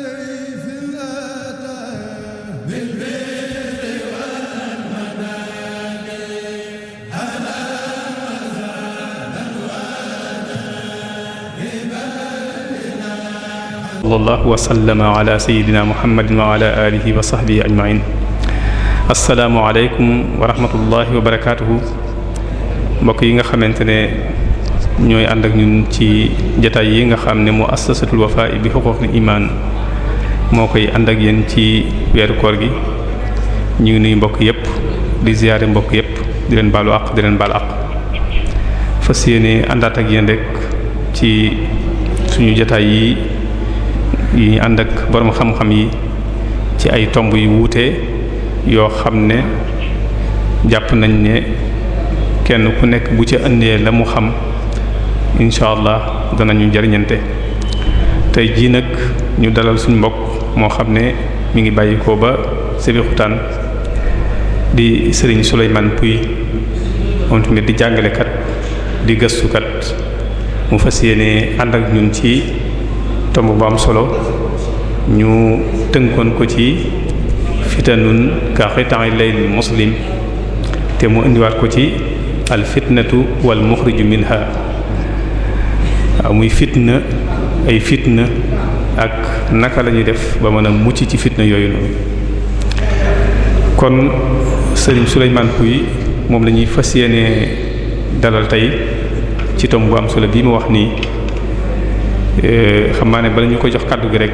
sallallahu wa sallama ala sayidina muhammadin wa ala alihi wa sahbihi ajmain assalaamu aleykum wa rahmatullahi wa barakatuhu mbokk yi nga xamante ne ñooy ànd ak ñun ci jataay yi nga xam ne mu assasatul wafa bi xuquqil iman moo koy ànd ak yéen ci weeru koor gi ñu ngi nuyu mbokk yépp di ziyaare mbokk yépp di leen baalu àq di leen baal àq fas yéene àndaat ak yéen rek ci suñu jotaay yi yi ànd ak borom xam-xam yi ci ay tomb yu wuute yoo xam ne jàpp nañ ne kenn ku nekk bu ca indee la mu xam incha allah dana ñu jariñante tey jii nag ñu dalal suñ mbokk moo xam ne mu ngi bàyyikoo ba Sébikotane di Serigne Souleymane Pouy moom tamit di jàngalekat di gëstukat mu fas yéene ànd ak ñun ci tomb bu am solo ñu tënkoon ko ci fitanun ka xitangi muslim te mu indiwaat ko ci al fitnatu wal muxriju minha muy fitna ay fitna ak naka la ñuy def ba mën mucc ci fitna yooyu noonu kon sëriñ Souleymane Pouy moom lañuy ñuy fas yéene dalal tey ci tom bu am solo bii mu wax nii eh, xam naa ne bala ko jox kàddu gi rek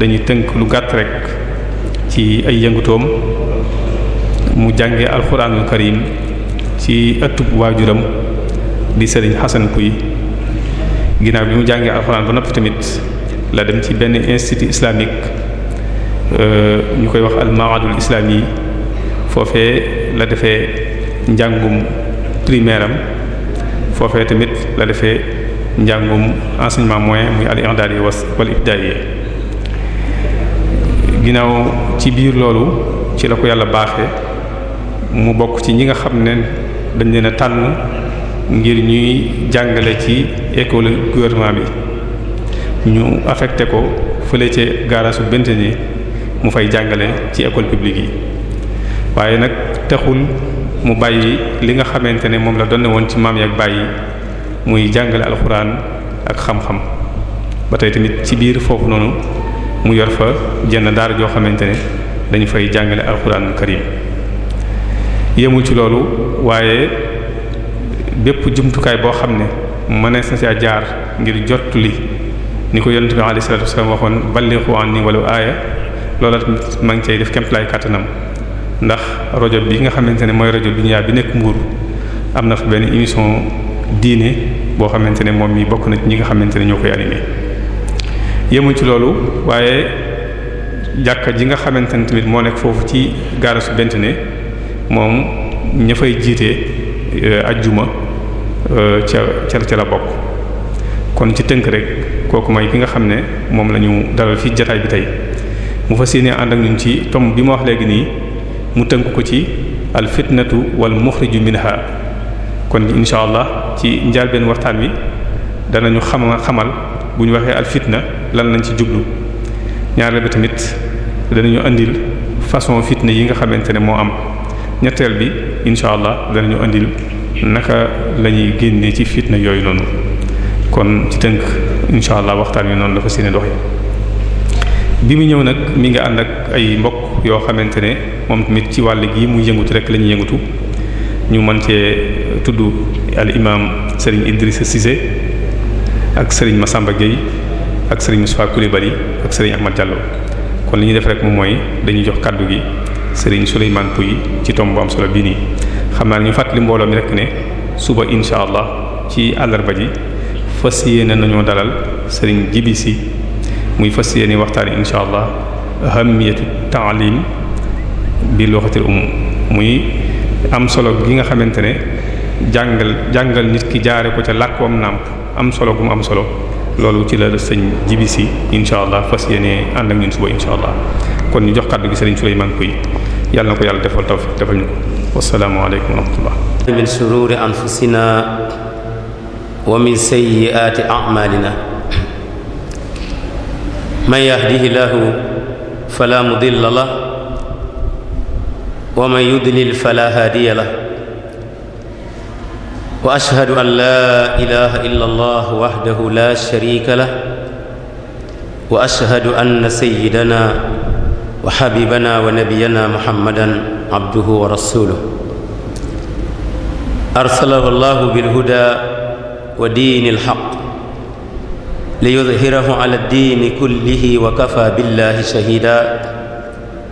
dañuy tënk lu gàtt rekk ci ay yëngutoom mu jànge alxuraanul karim ci ëttub waajuram di sëriñ Xasan Pouy ginnaaw bi mu jàngee alxuraan ba noppi tamit la dem ci benn institut islamique euh, ñu koy wax almaadul islaam foofee la defee njàngum primaire foofee tamit la defee njàngum enseignement moyen muy al i'dadi was wal ibtidai ci biir loolu ci la ko yàlla baaxee mu bokk ci ñi nga xam ne dañ leen a tànn ngir ñuy jàngale ci école gouvernement bi ñu affecté ko fële ca gaarasu bente ni mu fay jàngale ci école publique yi waaye nag texul mu bàyyi li nga xamante ne moom la doon woon ci maam yak bàyyi muy jàngale alxuraan ak xam-xam ba tey tamit ci biir foofu noonu mu yor fa jenn daar joo xamante ne dañu fay jàngale alxuraanul karim yemul ci loolu waaye bépp jumtukaay boo xam ne mënees na caa jaar ngir jot li ni ko yonent bi alayhi salaatu wasallam waxoon ballighu anni walaw aaya loola ma ngi cay def kemtalaay kàttanam ndax rajo bi nga xamante ne mooy rajo Dunya bi nekk Mbuur am na fa benn émission diine boo xamante ne moom mi bokk na ci ñi nga xamante ne ñoo koy animé yemul ci loolu waaye jàkka ji nga xamante ne tamit moo nekk foofu ci gaarasu bent ne moom ña fay jiite euh, ajjuma Euh, ca ca ci la bokk kon ci tënk rek kooku mooy ki nga xam ne moom la ñu dalal fii jataay bi tey mu fas yéene ànd ak ñun ci tom bi ma wax léegi nii mu tënk ko ci al fitnatu wal muxriju minha kon incha allah ci njàlbeen waxtaan wi danañu xam xamal bu ñu waxee al fitna lan lañ ci jublu ñaareel bi tamit danañu indil façon fitna yi nga xamante ne moo am ñetteel bi incha allah danañu indil. naka la ñuy génnee ci fitna yooyu noonu kon ci tënk incha allah waxtaan wi noonu dafa fa seeni doxe bi mu ñëw nag mi nga ànd ak ay mbokk yoo xamante ne moom tamit ci wàll gi muy yëngutu rek lañu ñuy yëngutu ñu mën cee tudd al imam Serigne Idrissa Cissé ak Serigne Massamba Gueye ak Serigne Moustapha Coulibaly ak Serigne Ahmad Diallo kon li ñuy def rek moom mooy dañuy jox kàddu gi Serigne Souleymane Pouy ci tomb solo bii nii. xam naa ñu fàttali mbooloo mi ne suba incha allah ci àllarba ji fas yéene nañoo dalal sëriñ jibi muy fas yéene waxtaane incha allah ahamiyatu taalim bi loxatil umm muy am solo gi nga xamante ne jàngal jàngal nit ki jaare ko ca làkkoom nàmp am solo gu mu am solo loolu ci la sëñ jibi si incha allah fas yéene ànd ak ñun suba incha allah kon ñu jox kàddu gi sëriñ Souleymane Pouye yàlla na ko yàlla defal tawfiq defal ñu ko wassalaamu aleykum wa rahmatullah min shururi anfusina wa min sayyiaati a'maalina man yahdihillahu fala mudilla lah wa man yudlil fala haadiya lah wa ashhadu an laa ilaaha illa allah wahdahu laa shariika lah wa ashhadu anna sayyidana wa habibana wa nabiyyana muhammadan عبده ورسوله أرسله الله بالهدى ودين الحق ليظهره على الدين كله وكفى بالله شهيدا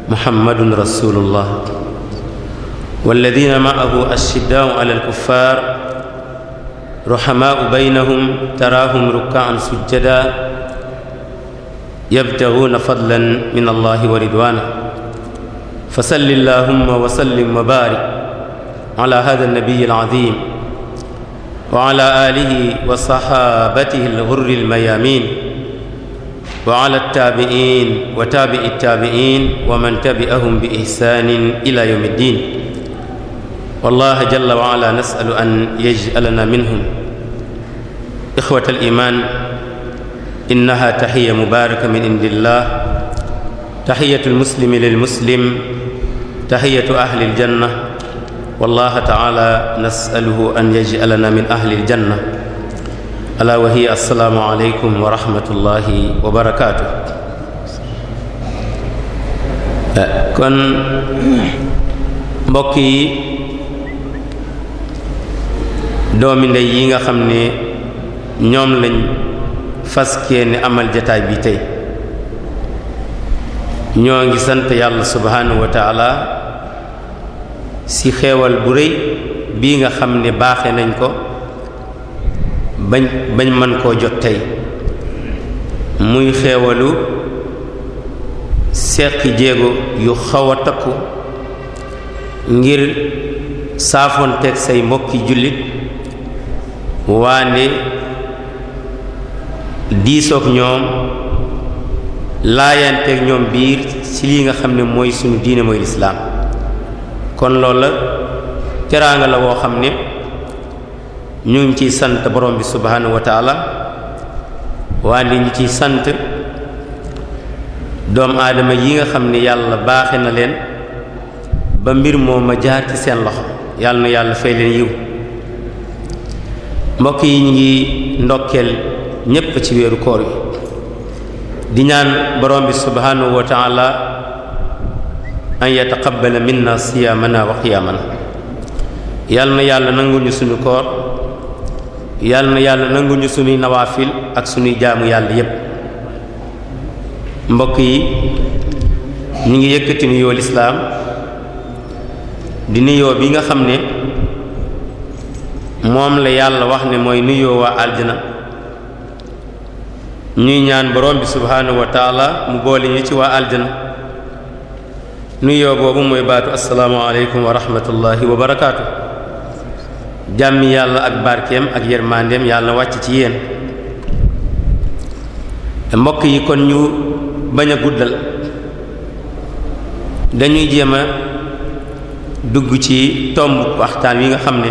محمد رسول الله والذين معه أشداء على الكفار رحماء بينهم تراهم ركعا سجدا يبتغون فضلا من الله ورضوانه fa salli allahumma wa sallim wa baarik ala hada nabiy alazim wa ala alihi wa sahabatihi alghurri almayamin wa ala altabi'in wa tabi'i altabi'in wa man tabi'ahum bi ihsanin ila yawmi ddin wallahi jalla wa ala nas'alu an yaj'alana minhum ikhwat aliman innaha tahiyya mubaraka min indillah tahiyatul muslimi lil muslim taxiyatu ahli aljanna wallaha taala nasaluhu an yaj'alana min ahli aljanna ala wa hiya assalaamu aleykum wa rahmatullahi wa barakaatu kon mbokk yi doomi ndey yi nga xam ni ñoom lañ faskee ni amal jataay bi tey ñoo ngi sant yàlla subhaanahu wa taala ci xeewal bu rëy bii nga xam ne baaxe nañ ko bañ bañ mën koo jot tey muy xeewalu seqi jéego yu xaw a takku ngir saafoonteeg say mbokki jullit waane diisook ñoom laayanteeg ñoom biir ci li nga xam ne mooy sunu diine mooy lislaam kon loolu la teraanga la woo xam ne ñu ngi ciy sant borom bi subhanahu wa taala waaye li ñu ciy sant doom aadama yi nga xam ne yàlla baaxe na leen ba mbir moo ma jaar ci seen loxo yàlla na yàlla fay leen yiw mbokk yi ñu ngi ndokkeel ñépp ci weeru koor yi di borom bi subhanahu an yataqabbala minna siyaamana wa xiyaamana yàlla na yàlla nangu ñu suñu koor yàlla na yàlla nangu ñu suñuy nawaafil ak suñuy jaamu yàlla yépp mbokk yi ñu ngi yëkkati nuyoo lislaam di nuyoo bi nga xam ne moom la yàlla wax ne mooy nuyoo waa aljana ñuy ñaan borom bi subhaanahu mu boole ñu ci waa aljana nuyoo boobu mooy baatu asalaamaaleykum wa rahmatullahi wa barakaatu jàmmi yàlla ak barkeem ak yërmandeem yàlla wàcc ci yéen mbokk yi kon ñu bañ a guddal dañuy jéem a dugg ci tomb waxtaan wi nga xam ne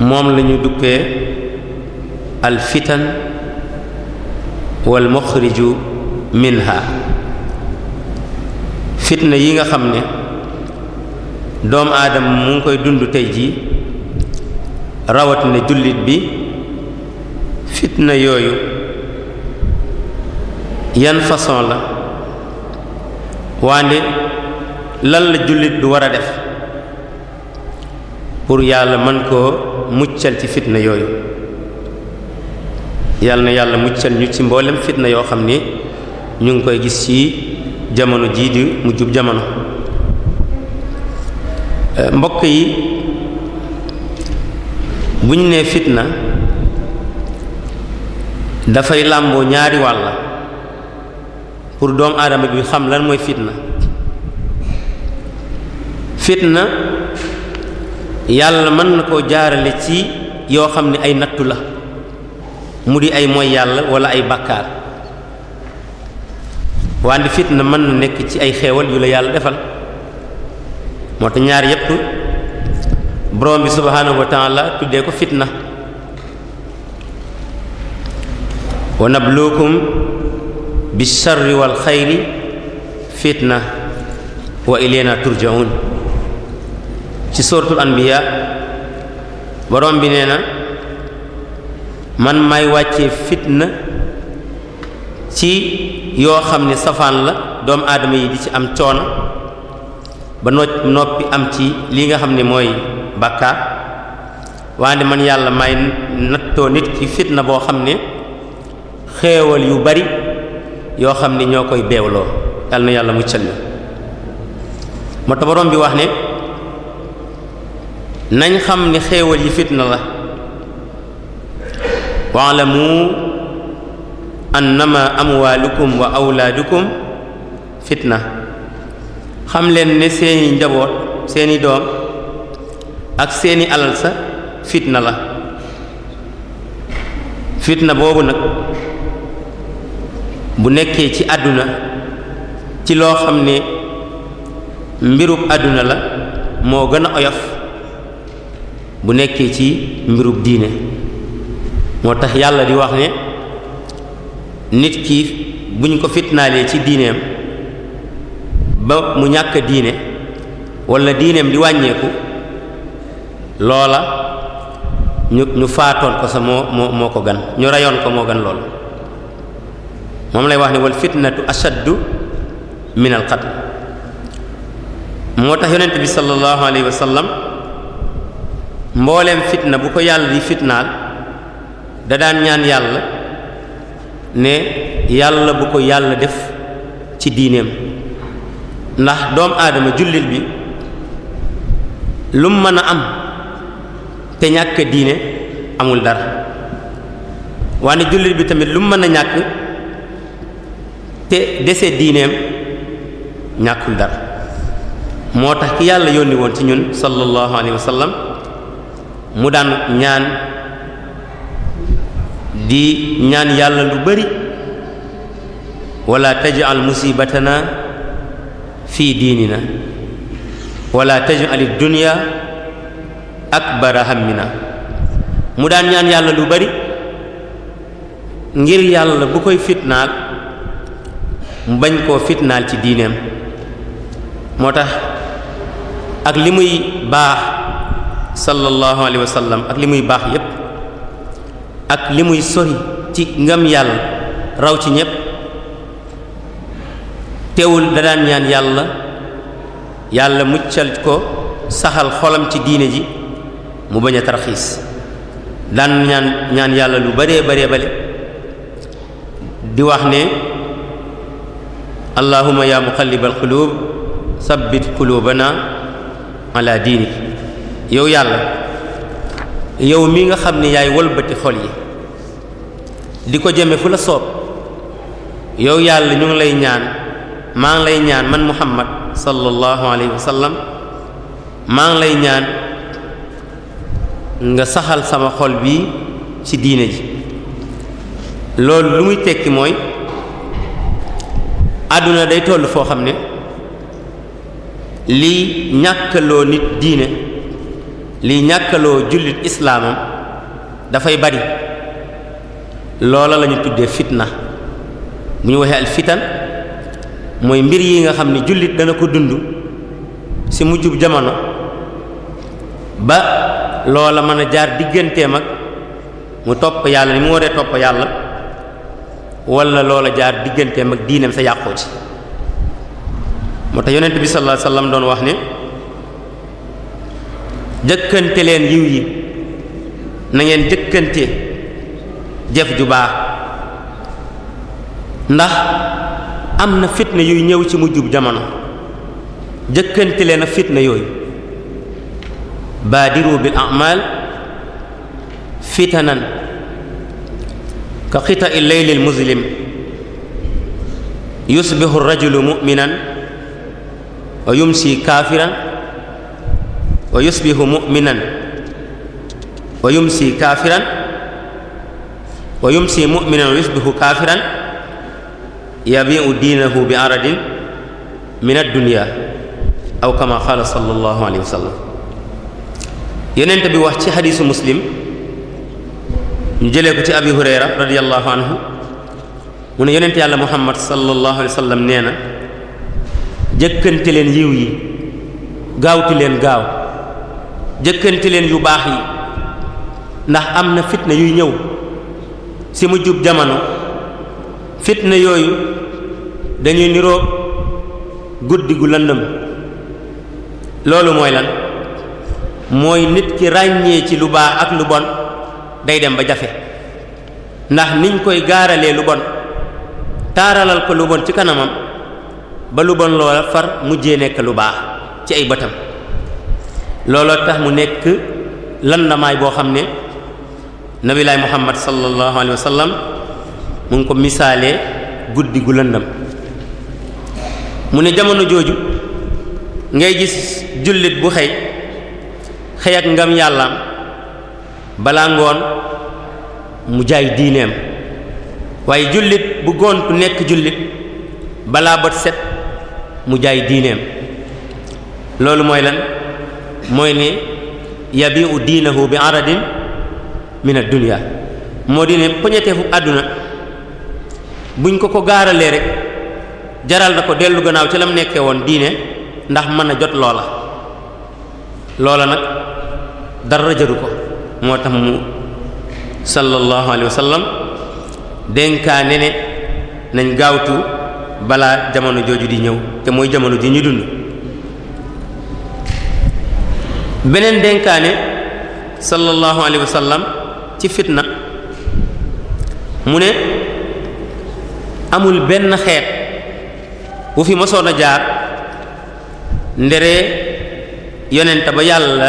moom lañu duppee alfitan wa muxriju minha fitna yi nga xam ne doomu aadam mu ngi koy dund tey jii rawatina jullit bi fitna yooyu yan façon la waande lan la jullit du war a def pour yàlla mën koo muccal ci fitna yooyu yàlla na yàlla muccal ñu ci mboolem fitna yoo xam ne ñu ngi koy gis ci jamono jii di mujjub jamono eh, mbokk yi bu ñu nee fitna dafay làmboo ñaari wàlla pour doomu aadama bi xam lan mooy fitna fitna yàlla mën na koo jaarale ci yoo xam ne ay nattu la mu di ay mooy yàlla wala ay bàkkaar wante fitna mën na nekk ci ay xewal yu la yàlla defal moo tax ñaar yépp borom bi subhaanahu tuddee ko fitna wa nabluukum bi sharri wal xayri fitna wa ilayna turja'un ci suratul anbiya borom bi nee na man may wàccee fitna ci yoo xam ne safaan la doomu aadama yi di ci am coono ba noppi am ci li nga xam ne mooy bàkkaar waaye man yàlla may nattoo nit ki fitna boo xam ne xéewal yu bari yoo xam ne ñoo koy beewloo yàlla na yàlla muccal ñu moo tax boroom bi wax ne nañ xam ni xéewal yi fitna la wa'lamu annama amwaalukum wa awlaadukum fitna xam leen ne seeni njaboot seeni doom ak seeni alal sa fitna la fitna boobu nag bu nekkee ci àdduna ci loo xam ne mbirub àdduna la moo gën a oyof bu nekkee ci mbirub diine moo tax yàlla di wax ne nit ki buñ ko fitnaalee ci diineem ba mu ñàkk diine wala diineem di wàññeeku loola ñu ñu faatoon ko sa moo moo moo ko gan ñu reyoon ko moo gën lool moom lay wax ne wal fitnatu ashaddu min al moo tax yonent bi sallallahu alayhi wa mbooleem fitna bu ko yàlla di fitnaal da daan ñaan yàlla ne yàlla bu ko yàlla def ci diineem ndax doom aadama jullit bi lu mu mën a am te ñàkk diine amul dara waaye jullit bi tamit lu mu mën a ñàkk te dese diineem ñàkkul dara moo tax ki yàlla yónni woon ci ñun sallallahu alayhi wa mu daan ñaan di ñaan yàlla lu bari wala taj'al musibatana fii diinina wala taj'alid dunya akbara na mu daan ñaan yàlla lu bari ngir yàlla bu koy fitnaal mu bañ koo fitnaal ci diineem moo tax ak li muy baax sallallahu alayhi wa ak li muy baax yépp ak li muy sori ci ngëm yàlla raw ci ñépp teewul da daan ñaan yàlla yàlla muccal ko saxal xolam ci diine ji mu bañ a tarxiis daan ñaan ñaan yàlla lu baree baree bale di wax ne allahuma ya muqallibal qulub sabbit qulubana ala diinik yow yàlla yow mi nga xam ne yaay walbati xol yi di ko jëme fu la soob yow yàlla ñu ngi lay ñaan maa ngi lay ñaan man muhammad sallallahu alayhi wa sallam maa ngi lay ñaan nga saxal sama xol bii ci diine ji loolu lu muy tekki mooy àdduna day toll foo xam ne lii ñàkkaloo nit diine liy ñàkkaloo jullit islaamam dafay bari loola lañu ñu tuddee fitna bu ñu waxee al fitan mooy mbir yi nga xam ne jullit dana ko dund ci mujjub jamono ba loola mën a jaar digganteem ak mu topp yàlla ni mu waree topp yàlla wala loola jaar digganteem ak diineem sa yàqoo ci moo tax yonent bi sallallahu alayhi doon wax ne jëkkante leen yiw yi na jëkkante jëf ju baax ndax am na fitna yuy ñëw ci mujjub jamono jëkkante leen a fitna yooy baadiru bil a'mal fitanan ka xita i leylil muslim yusbihu rajulu mu'minan yumsi kaafiran wa yusbihu mu'minan wa yumsi kaafiran wa yumsi mu'minan wa yusbihu kaafiran yabi'u diinahu bi aradin min ad aw kama qaala sallallahu alayhi wa sallam yonent bi wax ci xadiisu muslim ñu ci abi hurayra radiyallahu anhu mu ne yonent yàlla muhammad sallallahu alayhi wa sallam nee na jëkkante leen yiw yi gaaw jëkkante leen yu baax yi ndax am na fitna yuy ñëw si mu jub jamono fitna yooyu dañuy niroo guddi gu lëndëm loolu mooy lan mooy nit ki ràññee ci lu baax ak lu bon day dem ba jafe ndax niñ koy gaaralee lu bon taaralal ko lu bon ci kanamam ba lu bon loola far mujjee nekk lu baax ci ay bëtam looloo tax mu nekk lan boo xam ne nabilaay muhammad sallallahu alayhi wa sallam mu ngi ko misaalee guddi gu lëndam mu ne jamono jooju ngay gis jullit bu xëy xëy ak ngam yàllaam balaa ngoon mu jaay diineem waaye jullit bu ku nekk jullit balaa bët set mu jaay diineem loolu mooy lan mooy ne yabiu diinahu bi aradin mu ne dunya moo di ne poñeteefu àdduna buñ ko ko gaaralee rek jaral na ko dellu gannaaw ci lam nekkee woon diine ndax mën a jot loola loola nag dara jëru ko moo tax mu sallallahu alayhi wa sallam dénkaane ne nañ gaawtu balaa jamono jooju di ñëw te mooy jamono ji ñu dund beneen dénkaane sallallahu alayhi wa sallam ci fitna mu ne amul benn xeet bu fi mosoon a jaar ndere yonente ba yàlla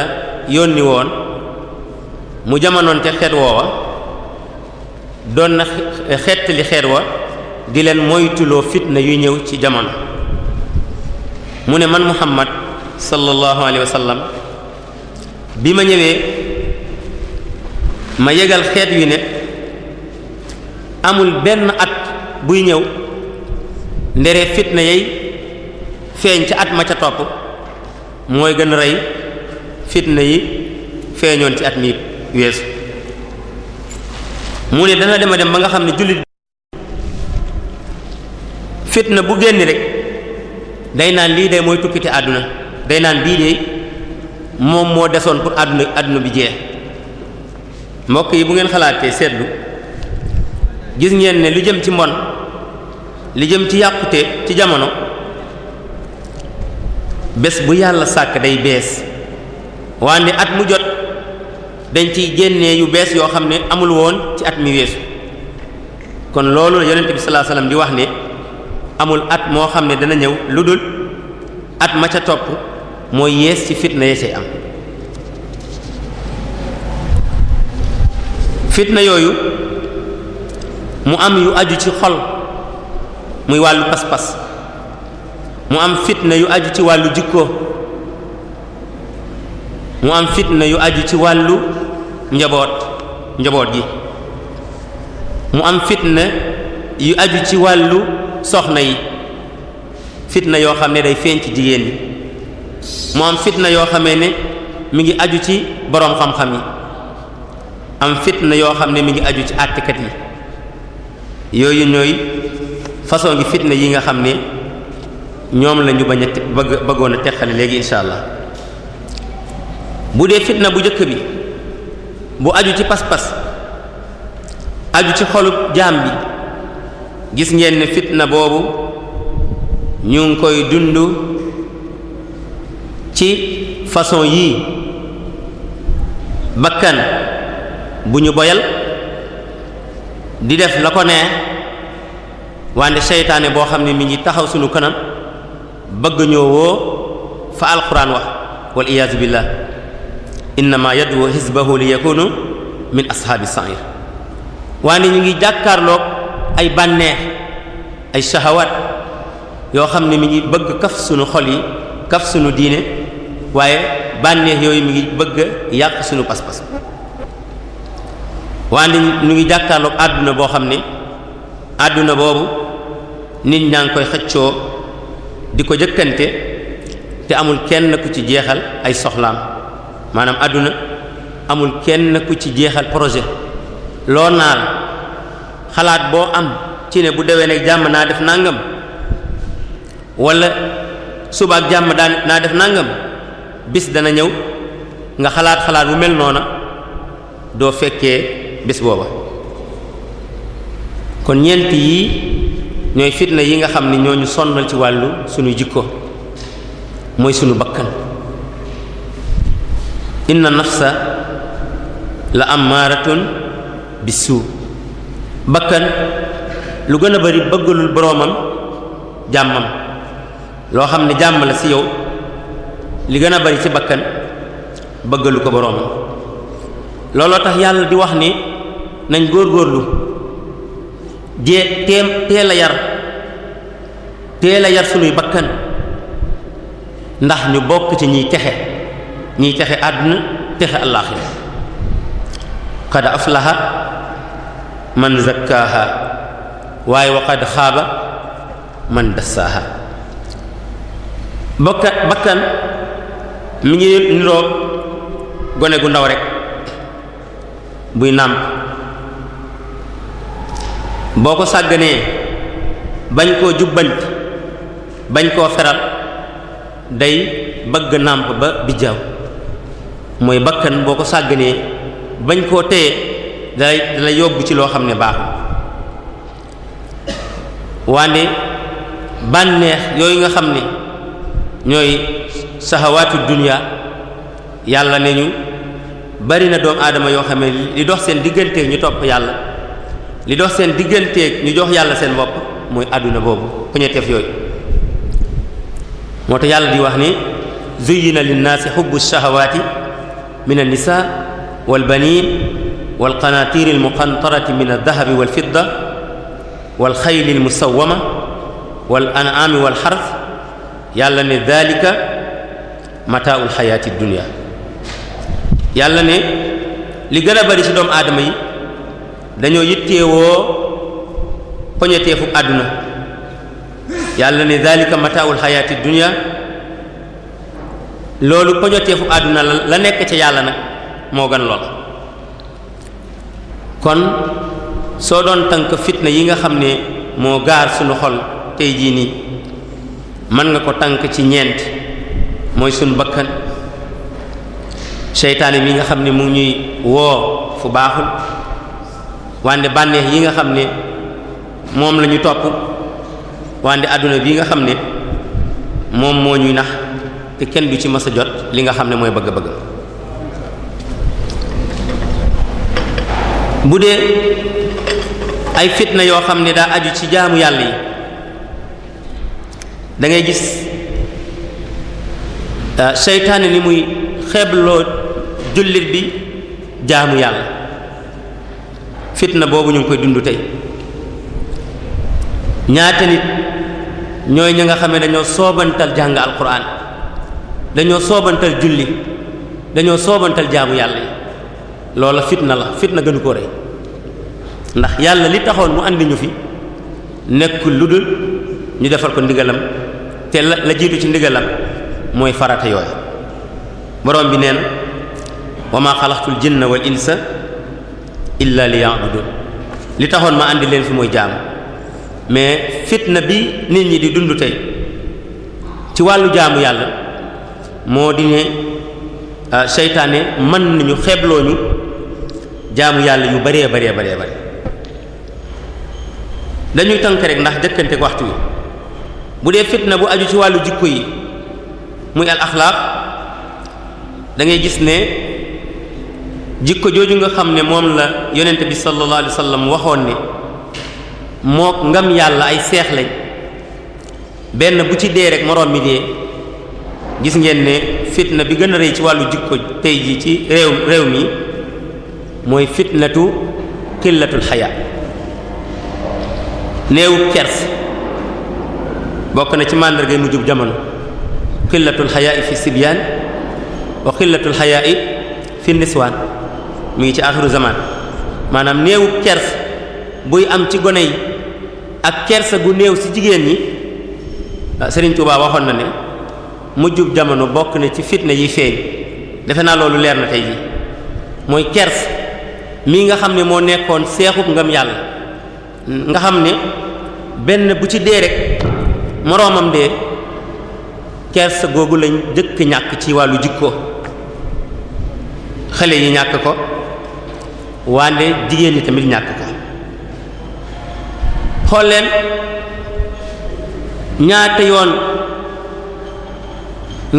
yónni woon mu jamonoon xeet woowa doon na xettali xeet wa di leen moytuloo fitna yu ñëw ci jamono mu ne man muhammad sallallahu alayhi wa sallam bi ma ñëwee ma yëgal xeet wi ne amul benn at buy ñëw ndere fitna yey feeñ ca at ma ca topp mooy gën a rey fitna yi feeñoon ci at mi weesu mu ne dana dema dem ba nga xam ne jullit fitna bu génn rek day naan lii de mooy tukkite àdduna day naan bii de moom moo desoon pour àdduna àdduna bi jeex mbokk yi bu ngeen xalaatee seetlu gis ngeen ne lu jëm ci mbon li jëm ci yàqute ci jamono bés bu yàlla sàkk day bees wante at mu jot dañ ci génnee yu bees yoo xam ne amul woon ci at mi weesu kon loolu la yonent bi sallallahu alayhi di wax ne amul at moo xam ne dana ñëw lu dul at ma ca topp mooy yées ci fitna yee cay am fitna yooyu mu am yu aju ci xol muy wàllu pas-pas mu am fitna yu aju ci wàllu jikkoo mu am fitna yu aju ci wàllu njaboot njaboot gi mu am fitna yu aju ci wàllu soxna yi fitna yoo xam ne day feeñ ci jigéen ñi mu am fitna yoo xamee ne mi ngi aju ci boroom xam-xam yi am fitna yoo xam ne mi ngi aju ci àttekat yi yooyu ñooy façon ngi fitna yi nga xam ne ñoom lañu bañ a bëgg bëggoon a teqale léegi insha allah bu dee fitna bu njëkk bi bu aju ci pas-pas aju ci xolub jaam bi gis ngeen ne fitna boobu ñu ngi koy dund ci façon yii bakkan bu ñu boyal di def la ko nee wante seytaane boo xam ne mi ngi taxaw suñu kanam bëgg ñoo woo fa alxuraan wax wal iyaazu billah innama yad'u hizbahu li yakunu min ashaabis sa'ir wante ñu ngi jàkkaarloog ay bànneex ay shahawaat yoo xam ne mi ngi bëgg kaf sunu xol yi kaf sunu diine waaye bànneex yooyu mi ngi bëgg a yàq suñu pas-pas wante ñu ngi jàkkaarloog àdduna boo xam ne àdduna boobu nit ñaa ngi koy xëccoo di ko jëkkante te amul kenn ku ci jeexal ay soxlaam maanaam àdduna amul kenn ku ci jeexal projet loo naal xalaat boo am ci ne bu dewee nag jàmm naa def nangam wala suba ak jàmm daa naa def nangam bis dana ñëw nga xalaat xalaat bu mel noona doo fekkee bis booba kon ñent yii ñooy fitna yi nga xam ni ñoo ñu sonnal ci wàllu sunu jikko mooy sunu bakkan inna nafsa la amaaratun bisu bakkan lu gën a bari bëggalul boroomam jàmmam loo xam ne jàmm la ci yow li gën a bari ci bakkan bëggalu ko boroom looloo tax yàlla di wax ni nañ góorgóorlu jee teem teela a yar teel a yar sunuy bakkan ndax ñu bokk ci ñiy texe ñiy texe àdduna texe àllaaxira qad aflaha man zakkaaha waaye wa qad xaaba man dassaaha bakkan bakkan mi ngi niroog gone gu ndaw rekk buy nàmp boo ko sàgganee bañ koo jubbanti bañ koo feral day bëgg nàmp ba bijjaaw mooy bakkan boo ko sàgganee bañ koo téye dalay dalay yóbbu ci loo xam ne baax waande bànneex yooyu nga xam ne ñooy saxawaatu dunya yàlla na ñu bari na doomu aadama yoo xam ne li dox seen digganteeg ñu topp yàlla li dox seen digganteeg ñu jox yàlla seen bopp mooy àdduna boobu poñeteef yooyu moo tax yàlla di wax ni zuyyina linnaasi xubbu shahawaati min annisa walbanin walqanaatiri almuqantarati min aldahabi walfidda walxayli almusawama wal an'aami walxarf yàlla ne daalika mataaul xayaati dunia yàlla ne li gën a bari ci doomu aadama yi dañoo yitteewoo poñeteefu àdduna yàlla ne daalika mataaul xayaati dunia loolu poñeteefu àdduna la la nekk ca yàlla nag moo gën lool kon soo doon tënk fitna yi nga xam ne moo gaar sunu xol tey jii nii mën nga ko tànk ci ñeent mooy sunu bakkan seytaane mi nga xam ne mu ñuy woo fu baaxul wande bànneex yi nga xam ne moom lañu ñu topp wande àdduna bi nga xam ne moom moo ñuy nax te kenn du ci mës a jot li nga xam ne mooy bëgg-bëgg bu dee ay fitna yoo xam ne daal aju ci jaamu yàlla yi dangay gis ah, seytaane ni muy xeebloo jullit bi jaamu yàlla fitna boobu ñu ngi koy dund tey ñaata nit ñooy ñi nga xam ne dañoo soobantal jàng alquran dañoo soobantal julli dañoo soobantal jaamu yàlla yi loola fitna la fitna gënu ko rëy ndax yàlla li taxoon mu andi ñu fi nekk lu dul ñu defal ko ndigalam te la la jiitu ci ndigalam mooy farata yooyu borom bi nee na wa ma xalaxtul jinna wal insa illa liya'budun li taxoon ma àndi leen fi mooy jaam mais fitna bi nit ñi di dund tey ci wàllu jaamu yàlla moo di ne ah, seytaane mën nañu xeebloo ñu jaamu yàlla yu bëree bëree bëree bëri dañuy tënk rek ndax jëkkante waxtu wi bu dee fitna bu aju ci wàllu jikko yi muy al axlaaq da gis ne jikko jooju nga xam ne moom la yonent bi sallallahu alayhi wa sallam waxoon ne mook ngam yàlla ay seex lañ benn bu ci dee rek moroom mi dee gis ngeen ne fitna bi gën a rëy ci wàllu jikko tey ji ci réew réew mi mooy fitnatu xillatul xayaa néewu kers bokk na ci màndargay mujjub jamono xillatul xayaa fi sibyaan wa xillatul xayaa fi niswaan mi ngi ci axiru zaman maanaam néewu kers buy am ci gone yi ak kersa gu néew ci jigéen ñi ah, Serigne Touba waxoon na ne mu mujjub jamono bokk na ci fitna yi feeñ defe naa loolu leer na tey jii mooy kers mii nga xam ne moo nekkoon seexub ngam yàlla nga xam ne benn bu ci dee rek moroomam de kersa googu lañ jëkk ñàkk ci wàllu jikko xale yi ñàkk ko wande jigéen ñi tamit ñàkk ko xool leen ñaata yoon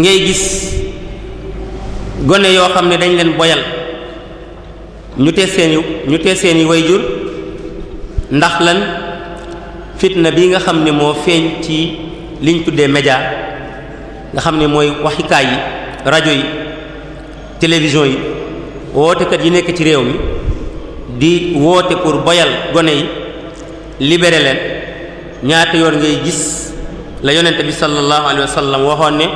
ngay gis gone yoo xam ne dañ leen boyal ñu tee seeni ñu tee seeni wayjur ndax lan fitna bi nga xam ne moo feeñ ci liñ tuddee média nga xam ne mooy waxikaay yi rajo yi télévision yi wootekat yi nekk ci réew mi di woote pour boyal gone yi libéré leen ñaata yoon ngay gis la yonent bi sallallahu alayhi waxoon ne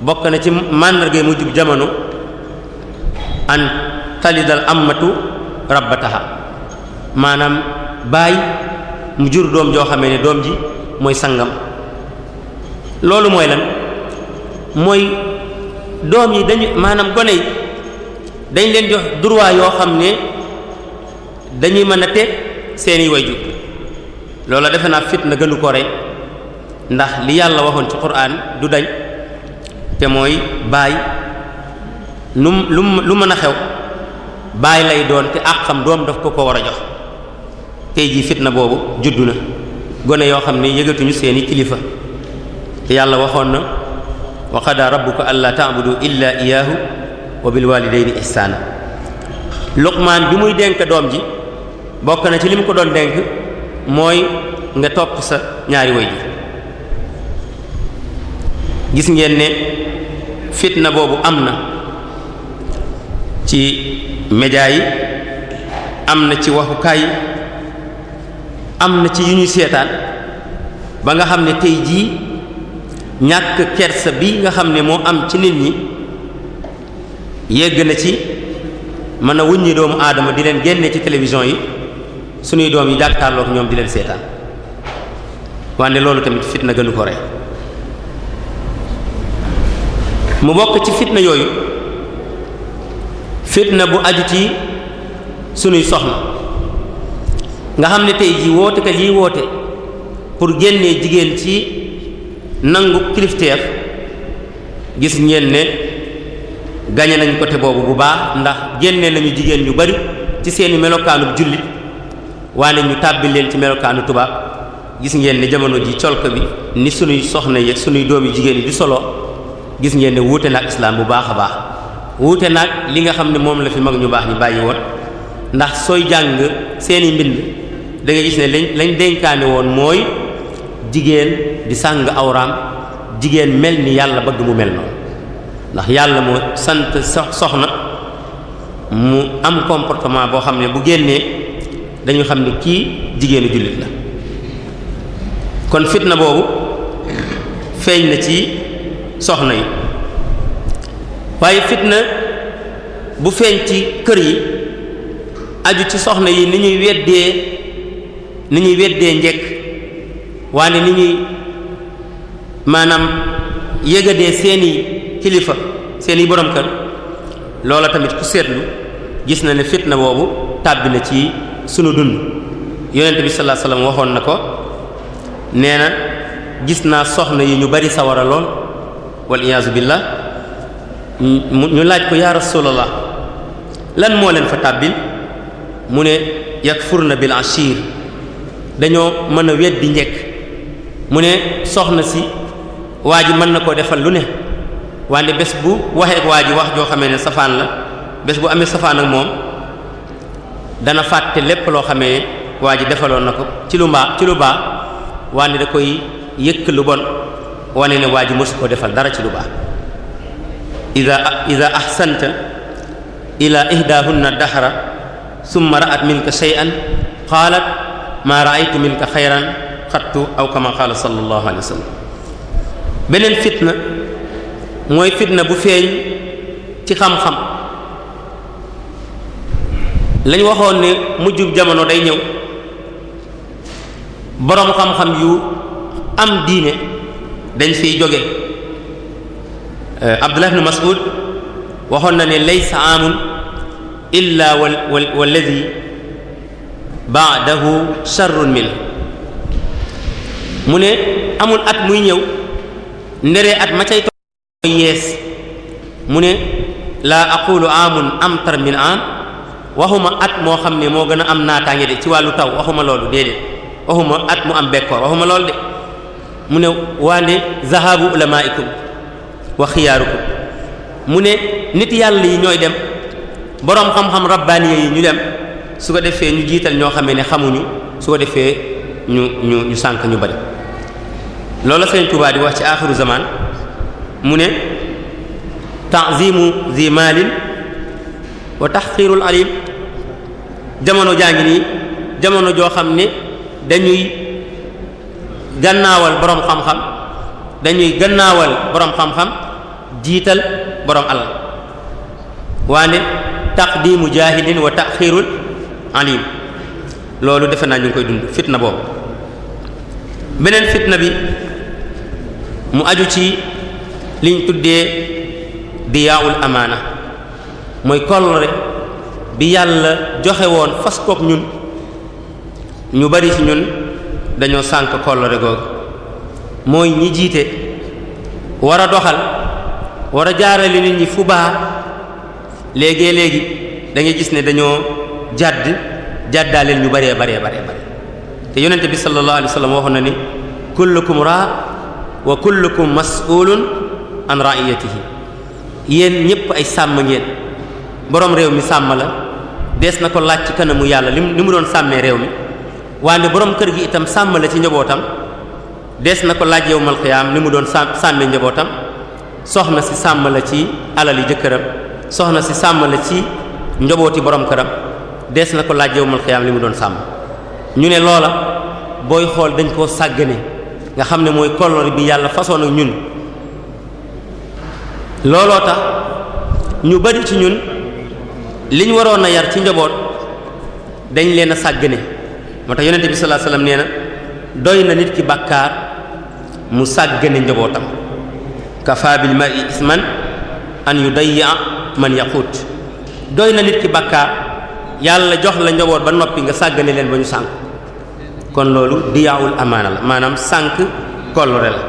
bokk na ci màndargay mu jub jamono an talidal ammatu rabbataha maanaam baay mu jur doom joo xamee ne doom ji mooy sangam loolu mooy lan mooy doom yi dañu maanaam gone yi dañ leen jox droit yoo xam ne dañuy mën a teg seeni wayjur loola defe naa fitna gënu ko rey ndax li yàlla waxoon ci Qur'an du dañ te mooy baay lu lu lu mën a xew baay lay doon te àqam doom daf ko ko war a jox tey jii fitna boobu juddu na gone yoo xam ne yëgatuñu seeni kilifa te yàlla waxoon na wa qadaa rabbuka allaa ta'budu illaa iyyaahu wa bil waalidayni ihsaana luqmaan bi muy dénk doom ji bokk na ci li mu ko doon dénk mooy nga topp sa ñaari woy ji gis ngeen ne fitna boobu am na ci média yi am na ci waxukaay am na ci yu ñuy seetaan ba nga xam ne tey jii ñàkk kersa bi nga xam ne moo am ci nit ñi yegg na ci mën a wuññi doomu aadama di leen génne ci télévision yi suñuy doom yi jàkkaarlook ñoom di leen seetaan wante loolu tamit fitna gënu ko rey mu bokk ci fitna yooyu fitna bu aju ci sunuy soxna nga xam ne tey ji woote ka lii woote pour génnee jigéen ci nangu kilifteef gis ngeen ne gañe nañ côté boobu bu baax ndax génnee nañu jigéen ñu bari ci seeni melokaanub jullit waaye ñu tàbbi leen ci melokaanu tubaab gis ngeen ne jamono ji colk bi ni sunuy soxna yeeg sunuy doomi jigéen yi di solo gis ngeen ne wuute na ak islaam bu baax a baax wuute naag li nga xam ne moom la fi mag ñu baax ñi bàyyi woon ndax sooy jàng seeni mbind da nga gis ne lañ lañ dénkaane woon mooy jigéen di sàng awraam jigéen mel ni yàlla bëgg mu mel noonu ndax yàlla moo sant soxna mu am comportement boo xam ne bu génnee dañu xam ne kii jigéenu jullit la kon fitna boobu feeñ na ci soxna yi waaye fitna bu feeñ ci kër yi aju ci soxna yi ni ñuy weddee ni ñuy weddee njekk waane ni ñuy maanaam yëgadee seeni kilifa seeni borom kër loola tamit ku seetlu gis na ne fitna boobu tàbbi na ci sunu dund yonent bi sallallahu alayhi waxoon na ko nee na gis naa soxna yi ñu bari sawara lool wal iyaazu billah ñu laaj ko yaa rasulallah lan moo leen fa tàbbil mu ne yakfurna bil ashir dañoo mën a weddi njëkk mu ne soxna si waa ji mën na koo defal lu ne wante bés bu waxee ak waa ji wax joo xamee ne safaan la bés bu amee safaan ak moom dana fàtte lépp loo xamee ne waa ji defaloon na ko ci lu mbaa ci da koy yëkk lu bon wane ne waa ji mësu koo defal dara ci lu baax ida ida illa ila na dahra summa ra'at minka shay'an qaalat maa ra'aytu minka xayran xattu aw kama qaala sallallahu alayhi wa sallam beneen fitna mooy fitna bu feeñ ci xam-xam lañ waxoon ne mujjub jamono day ñëw boroom xam-xam yu am diine dañ fiy jóge Abdullah ibn Mas'ud waxoon na ne laysa amun إلا وال وال والذي بعده شر منه mu ne amul at muy ñëw nderee at ma cay toog yees mu ne laa aqulu amun amtar min am waxuma at moo xam ne moo gën a am naataange de ci wàllu taw waxuma loolu déedéet waxuma at mu am bekkoor waxuma loolu de mu ne waande zahabu ulamaikum wa xiyaarukum mu ne nit yàlla yi ñooy dem boroom xam-xam rabbaaniya yi ñu dem su ko defee ñu jiital ñoo xamee ne xamuñu su ko defee ñu ñu ñu sànq ñu bari loolu Sëriñ Tuubaa di wax ci aaxiru zamaan mu ne ta'zimu zi maalin wa tahqirul alim jamono jaa ngi nii jamono joo xam ne dañuy gannaawal boroom xam-xam dañuy gannaawal boroom xam-xam jiital boroom alal waane taqdimu jahilin wa taxirul alim loolu defe naa ñu ngi koy dund fitna boobu beneen fitna bi mu aju ci liñ tuddee diyaawul amaana mooy kóllëre bi yàlla joxe woon fas kook ñun ñu bari ci ñun dañoo sànk kóllëre googu mooy ñi jiite war doxal war jaarale nit ñi fu baax léegi léegi dangay gis ni dañoo jàdd jàddaaleel ñu baree baree baree bare te yonente bi sallallahu alayhi wasallam waxoon na ni kullukum raa wa kullukum mas'ulun an ra'iyatihi yéen ñépp ay sàmm ngeen boroom réew mi sàmm la dees na ko laaj ci kanamu yàlla li mu doon sàmmee réew mi waande boroom kër gi itam sàmm la ci njabootam dees na ko laaj yawmal qiyaam li mu doon sàmmee njabootam soxna si sàmm la ci alali jëkkëram soxna si sàmm la ci njobooti boroom këram des na ko laaj yowmal xiyaam li mu doon sàmm ñu ne loola booy xool dañ koo sàgg sàggane nga xam ne mooy kolloor bi yàlla façon ak ñun looloo tax ñu bari ci ñun liñ waroon a yar ci njaboot dañ leen a sàggane moo tax yonente bi sallallahu alayhi nee na doy na nit ki bàkkaar mu sàggane njabootam kafa bil mar'i isman an yudayya man yaqut doy na nit ki bàkkaar yàlla jox la njaboot ba noppi nga sàggane leen ba ñu sànk kon loolu diyaawul amaana la maanaam sànk kollore la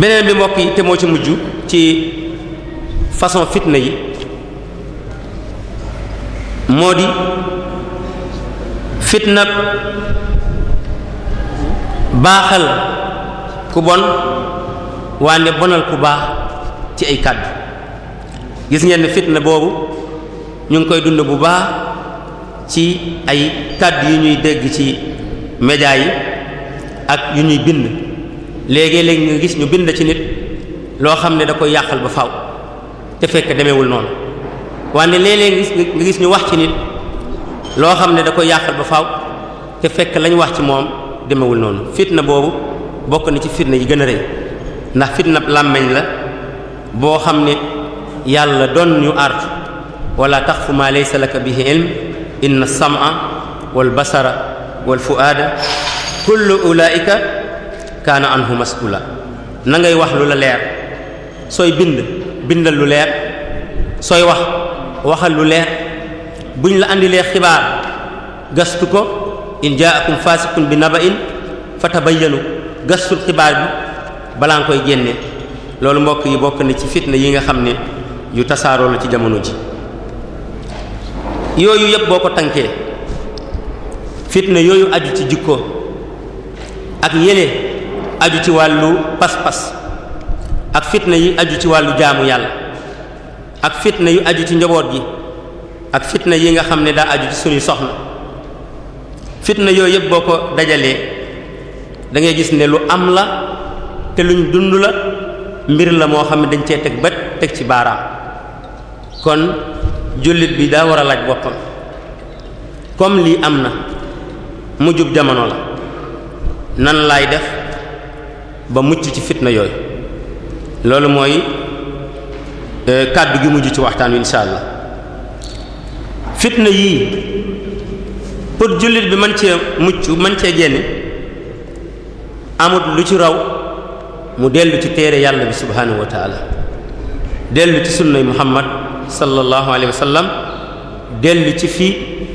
beneen bi mbokk yi te moo ci mujj ci façon fitna yi moo di fitna baaxal ku bon waane bonal ku baax ci ay kàddu gis ngeen ne fitna boobu ñu ngi koy dund bu baax ci ay kàddu yu ñuy dégg ci média yi ak yu ñuy bind léegi-léegi nga gis ñu bind ci nit loo xam ne da koy yàqal ba faw te fekk demewul noonu waane léeg ñu wax ci nit loo xam ne da koy yàqal faw te fekk lañ wax ci moom demewul noonu fitna boobu bokk na ci fitna yi gën a rëy ndax fitnab làmmeñ la boo xam ne yàlla doon ñu artu wala taxfu ma laysa laka bihi ilm inna sam'a wal basara wal fu'aada kullu ulaa'ika kaana anhu mas'uula na ngay wax lu la leer sooy bind bindal lu leer sooy wax waxal lu leer buñ la andilee xibaar gastu ko in ja'akum faasiqun bi naba'in fatabayyanu gastul xibaar bi balaa nga koy génne loolu mbokk yi bokk na ci fitna yi nga xam ne yu tasaaroo la ci jamono ji yooyu yëpp boo ko tànkee fitna yooyu aju ci jikko ak yële aju ci wàllu pas-pas ak fitna yi aju ci wàllu jaamu yàlla ak fitna yu aju ci njaboot gi ak fitna yi nga xam ne daa aju ci suñuy soxna fitna yooyu yëpp boo ko dajalee dangay gis ne lu am la te lu luñ dund la mbir la moo xam ne dañ cee teg bët teg ci baaraam kon jullit bi daa war a laaj boppam comme lii am na mu jamono la nan laay def ba mucc ci fitna yooyu loolu mooy e, kàddu gi mujj ci waxtaan wi insha allah fitna yii pour jullit bi mën cee mucc mën cee génne amut lu ci raw mu dellu ci téere yàlla bi subhaanahu wa taala dellu ci sunnay muhammad sallallahu alayhi wa dellu ci fi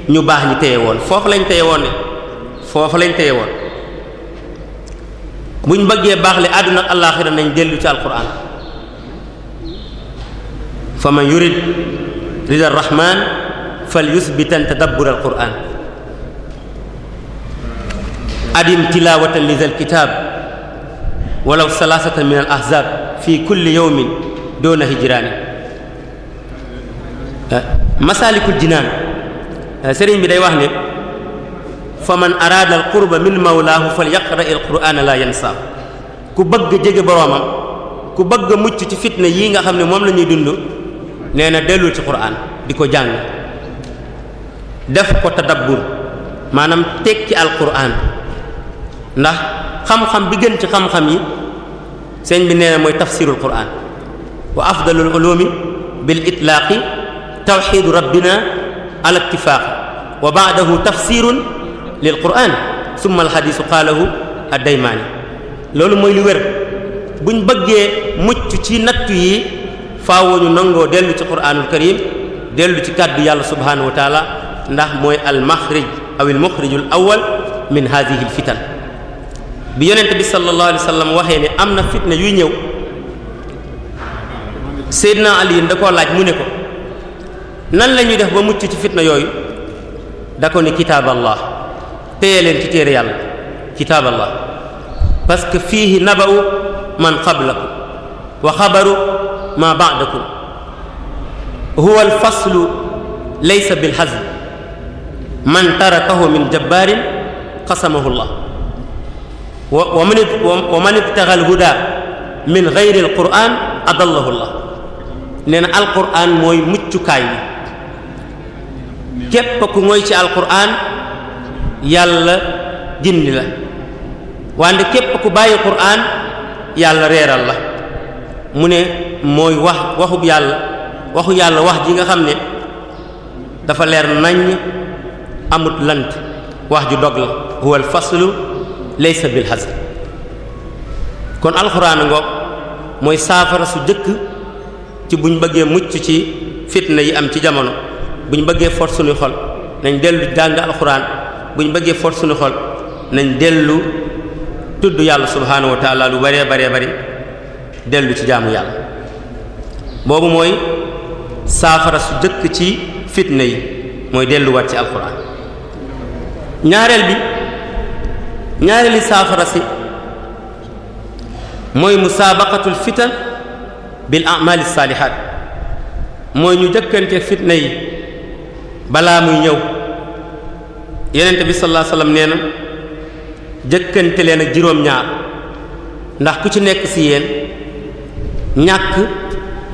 ñu baax ñi téye woon foofu lañ téye woon ne foofu lañ téye woon buñ bëggee baax li àdduna ak àllaaxira nañ dellu ci alquran fa man yurid rida rahman fal yusbitan tadabbur alquran adim tilawatan lizal kitab walaw salaasatan min al ahzab fi kulli yawmin doona hijraani eh, masaalikul jinaan eh, sëriñ bi day wax ne fa man araada al qurba min mawlaahu fal yaqra al qur'ana la yansa ku bëgg jege boroomam ku bëgg a mucc ci fitna yi nga xam ne moom lañuy ñuy dund nee na dellul ci qur'an di ko jàng def ko tadabbur maanaam tekki al qur'an ndax xam-xam bi gën ci xam-xam yi sëñ bi nee na mooy tafsirul quran wa afdalul ulumi bil itlaaqi tawxidu rabbina ala ittifaaq wa baadahu tafsirun lil quran summa alxadisu qaalahu addaymaani loolu mooy lu wér buñ bëggee mucc ci nattu yi faawoo ñu nangoo dellu ci quraanul karim dellu ci kàddu yàlla subhaanahu wa taala ndax mooy al maxrij aw al muxrijul min haadihi al bi yonent bi sallallahu alayhi wa ne am na fitna yuy ñëw Seydina Ali da koo laaj mu ne ko nan la ñuy def ba mucc ci fitna yooyu da ko ni kitaaballah téye leen ci yàlla kitaaballah parce que fiihi naba'u man qablakum wa xabaru ma ko huwa al-faslu laysa bil hazl man tarakahu min jabbaarin qasamahu Allah wa man wa man ibtagha al-huda min ghayri al-qur'an adallahu Allah nee na alqur'an mooy muccukaay bi képp ku mooy ci alqur'an yàlla gindi la wante képp ku bàyyi qur'an yàlla reeral la mu ne mooy wax waxub yàlla waxu yàlla wax ji nga xam ne dafa leer naññ amut lant wax ju dog la huwa faslu laysa bil hazl kon alxuraan ngoog mooy saafara su jëkk ci buñ bëggee mucc ci fitna yi am ci jamono buñ bëggee for suñu xol nañ dellu jàng alxuraan buñ bëggee for suñu xol nañ dellu tudd yàlla subhaanahu wa taala lu baree baree bari dellu ci jaamu yàlla boobu mooy saafara su jëkk ci fitna yi mooy delluwaat ci alxuraan ñaareel bi ñaareeli saafara si mooy musaabaqatul fitan bil a'mal as-salihat mooy ñu jëkkante fitna yi balaa muy ñëw yenent bi sallallahu alayhi wasallam nee jëkkante leen ak juróom-ñaar ndax ku ci nekk ci yéen ñàkk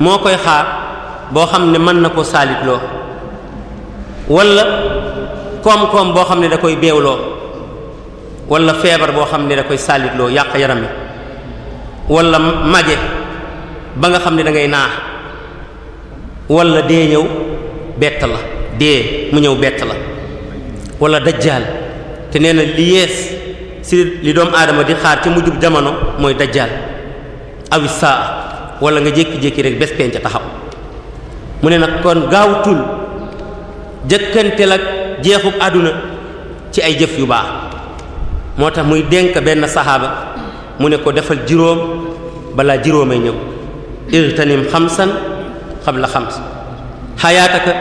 moo koy xaar boo xam ne mën na ko saalitloo wala koom-koom boo xam ne da koy beewloo wala feebar boo xam ne da koy saalitloo yàq yaram mi wala maje ba nga xam ne dangay ngay naa wala dee ñëw bett la dee mu ñëw bett la wala dajjaal te nee na li yees si li doom aadama di xaar ci mujjub jamono mooy dajjaal awi saa wala nga jékki-jékki rek bés penc taxaw mu ne nag kon gaawtul jëkkanteel ak jeexu àdduna ci ay jëf yu baax moo tax muy dénk benn saxaaba mu ne ko defal juróom balaa juróomay ñëw irtanim xamsan xabla xams xayaataka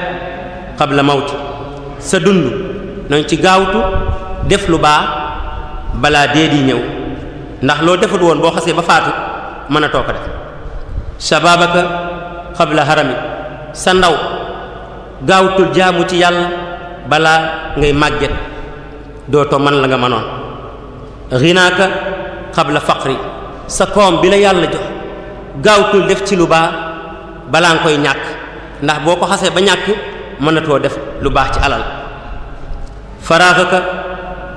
xabla mawti sa dund nañ ci gaawtu def lu baax balaa dee di ñëw ndax loo defut woon boo xasee ba faatu mën a too ko def sababaka xabla harami sa ndaw gaawtul jaamu ci yàlla balaa ngay màgget dootoo man la nga mënoon rinaaka xabla faqri sa koom bi la yàlla jox gaawtul def ci lu baax balaa nga koy ñàkk ndax boo ko xasee ba ñàkk mënatoo def lu baax ci alal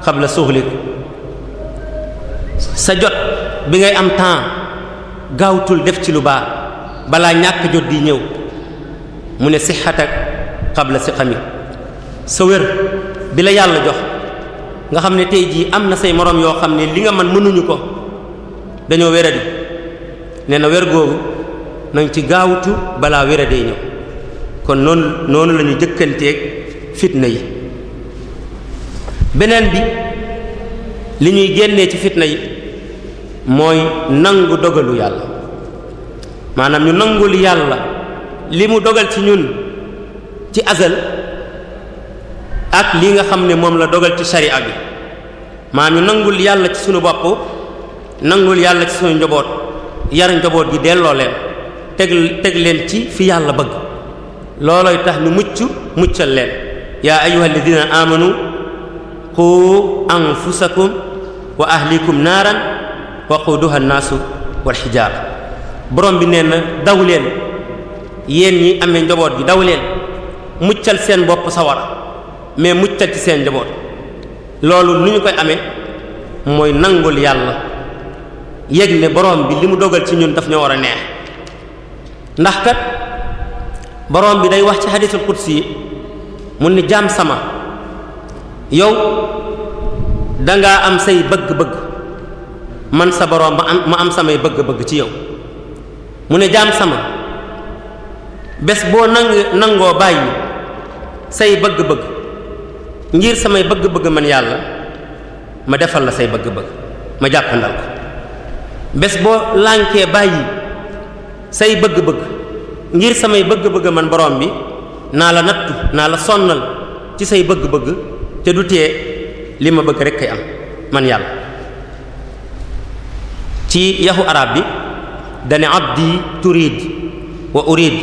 xab la suxlik sa jot bi ngay am temps gaawtul def ci lu baax balaa ñàkk jot di ñëw mu ne sixatak xabla siqami sa wér bi la yàlla jox nga xam ne tey jii am na say moroom yoo xam ne li nga man mënuñu ko dañoo wéradi nee na wér googu nañ ci gaawtu balaa wéradee ñëw kon noonu noonu la ñu fitna yi beneen bi li ñuy génne ci fitna yi mooy nangu dogalu yàlla maanaam ñu nangul yàlla li mu dogal ci ñun ci azal ak li nga xam ne moom la dogal ci sharia bi maa ñu nangul yàlla ci sunu bopp nangul yàlla ci sunu njaboot yar njaboot gi delloo leen teg teg leen ci fi yàlla bëgg loolooy tax ñu mucc muccal leen yaa ay ayyuhal ladina amanu qu anfusakum wa ahlikum naaran waquduha an-naasu wal xijaara borom bi nee na daw leen yéen ñi amee njaboot gi daw leen muccal seen bopp sawar mais muccal ci seen njaboot loolu lu ñu koy amee mooy nangul yàlla yëg ne borom bi li mu dogal ci ñun daf ñoo war a neex ndax kat borom bi day wax ci xadiisul qudsi yi mu ni jaam sama yow dangaa am say bëgg-bëgg man sa borom ma am ma am samay bëgg-bëgg ci yow mu ne jaam sama bés boo nang nangoo bàyyi say bëgg-bëgg ngir samay bëgg-bëgg man yàlla ma defal la say bëgg-bëgg ma jàppandal ko bés boo lànkee bàyyi say bëgg-bëgg ngir samay bëgg-bëgg man borom bi naa la nattu naa la sonnal ci say bëgg-bëgg te du tee li ma bëgg rek kay am man yàlla ci yaxu arab bi dane abdi turid wa urid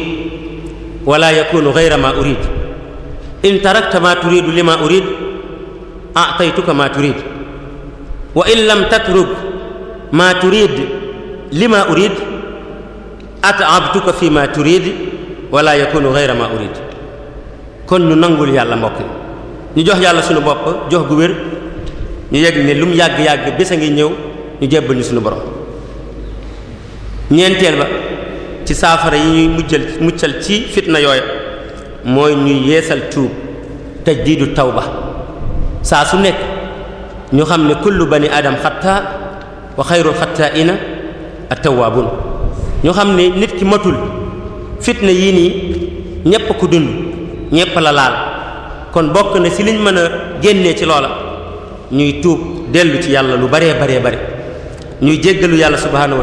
wala yakunu ghayra urid in tarakta ma turidu lima urid a'taytuka ma turid wa in lam tatruk ma turid lima urid at'abtuka fi ma turid wala yakunu ghayra ma urid kon ñu nangul yàlla mbokk ñu jox yàlla suñu bopp jox gu wér ñu yegg ne lu yàgg-yàgg bés ngi ñëw ñu jébbal ñu suñu borom ñeenteel ba ci saafara yi ñuy mujjal muccal ci fitna yooya mooy ñuy yeesal tuub taw ba saa su nekk ñu xam ne kullu bani adam xatta wa xayrul xatta ina at-tawwaabun ñu xam ne nit ki matul fitna yii nii ñépp ku dund ñépp la laal kon bokk na ci liñ mën a génne ci loola ñuy tuub dellu ci yàlla lu baree baree bare ñuy jéggalu yàlla subhaanahu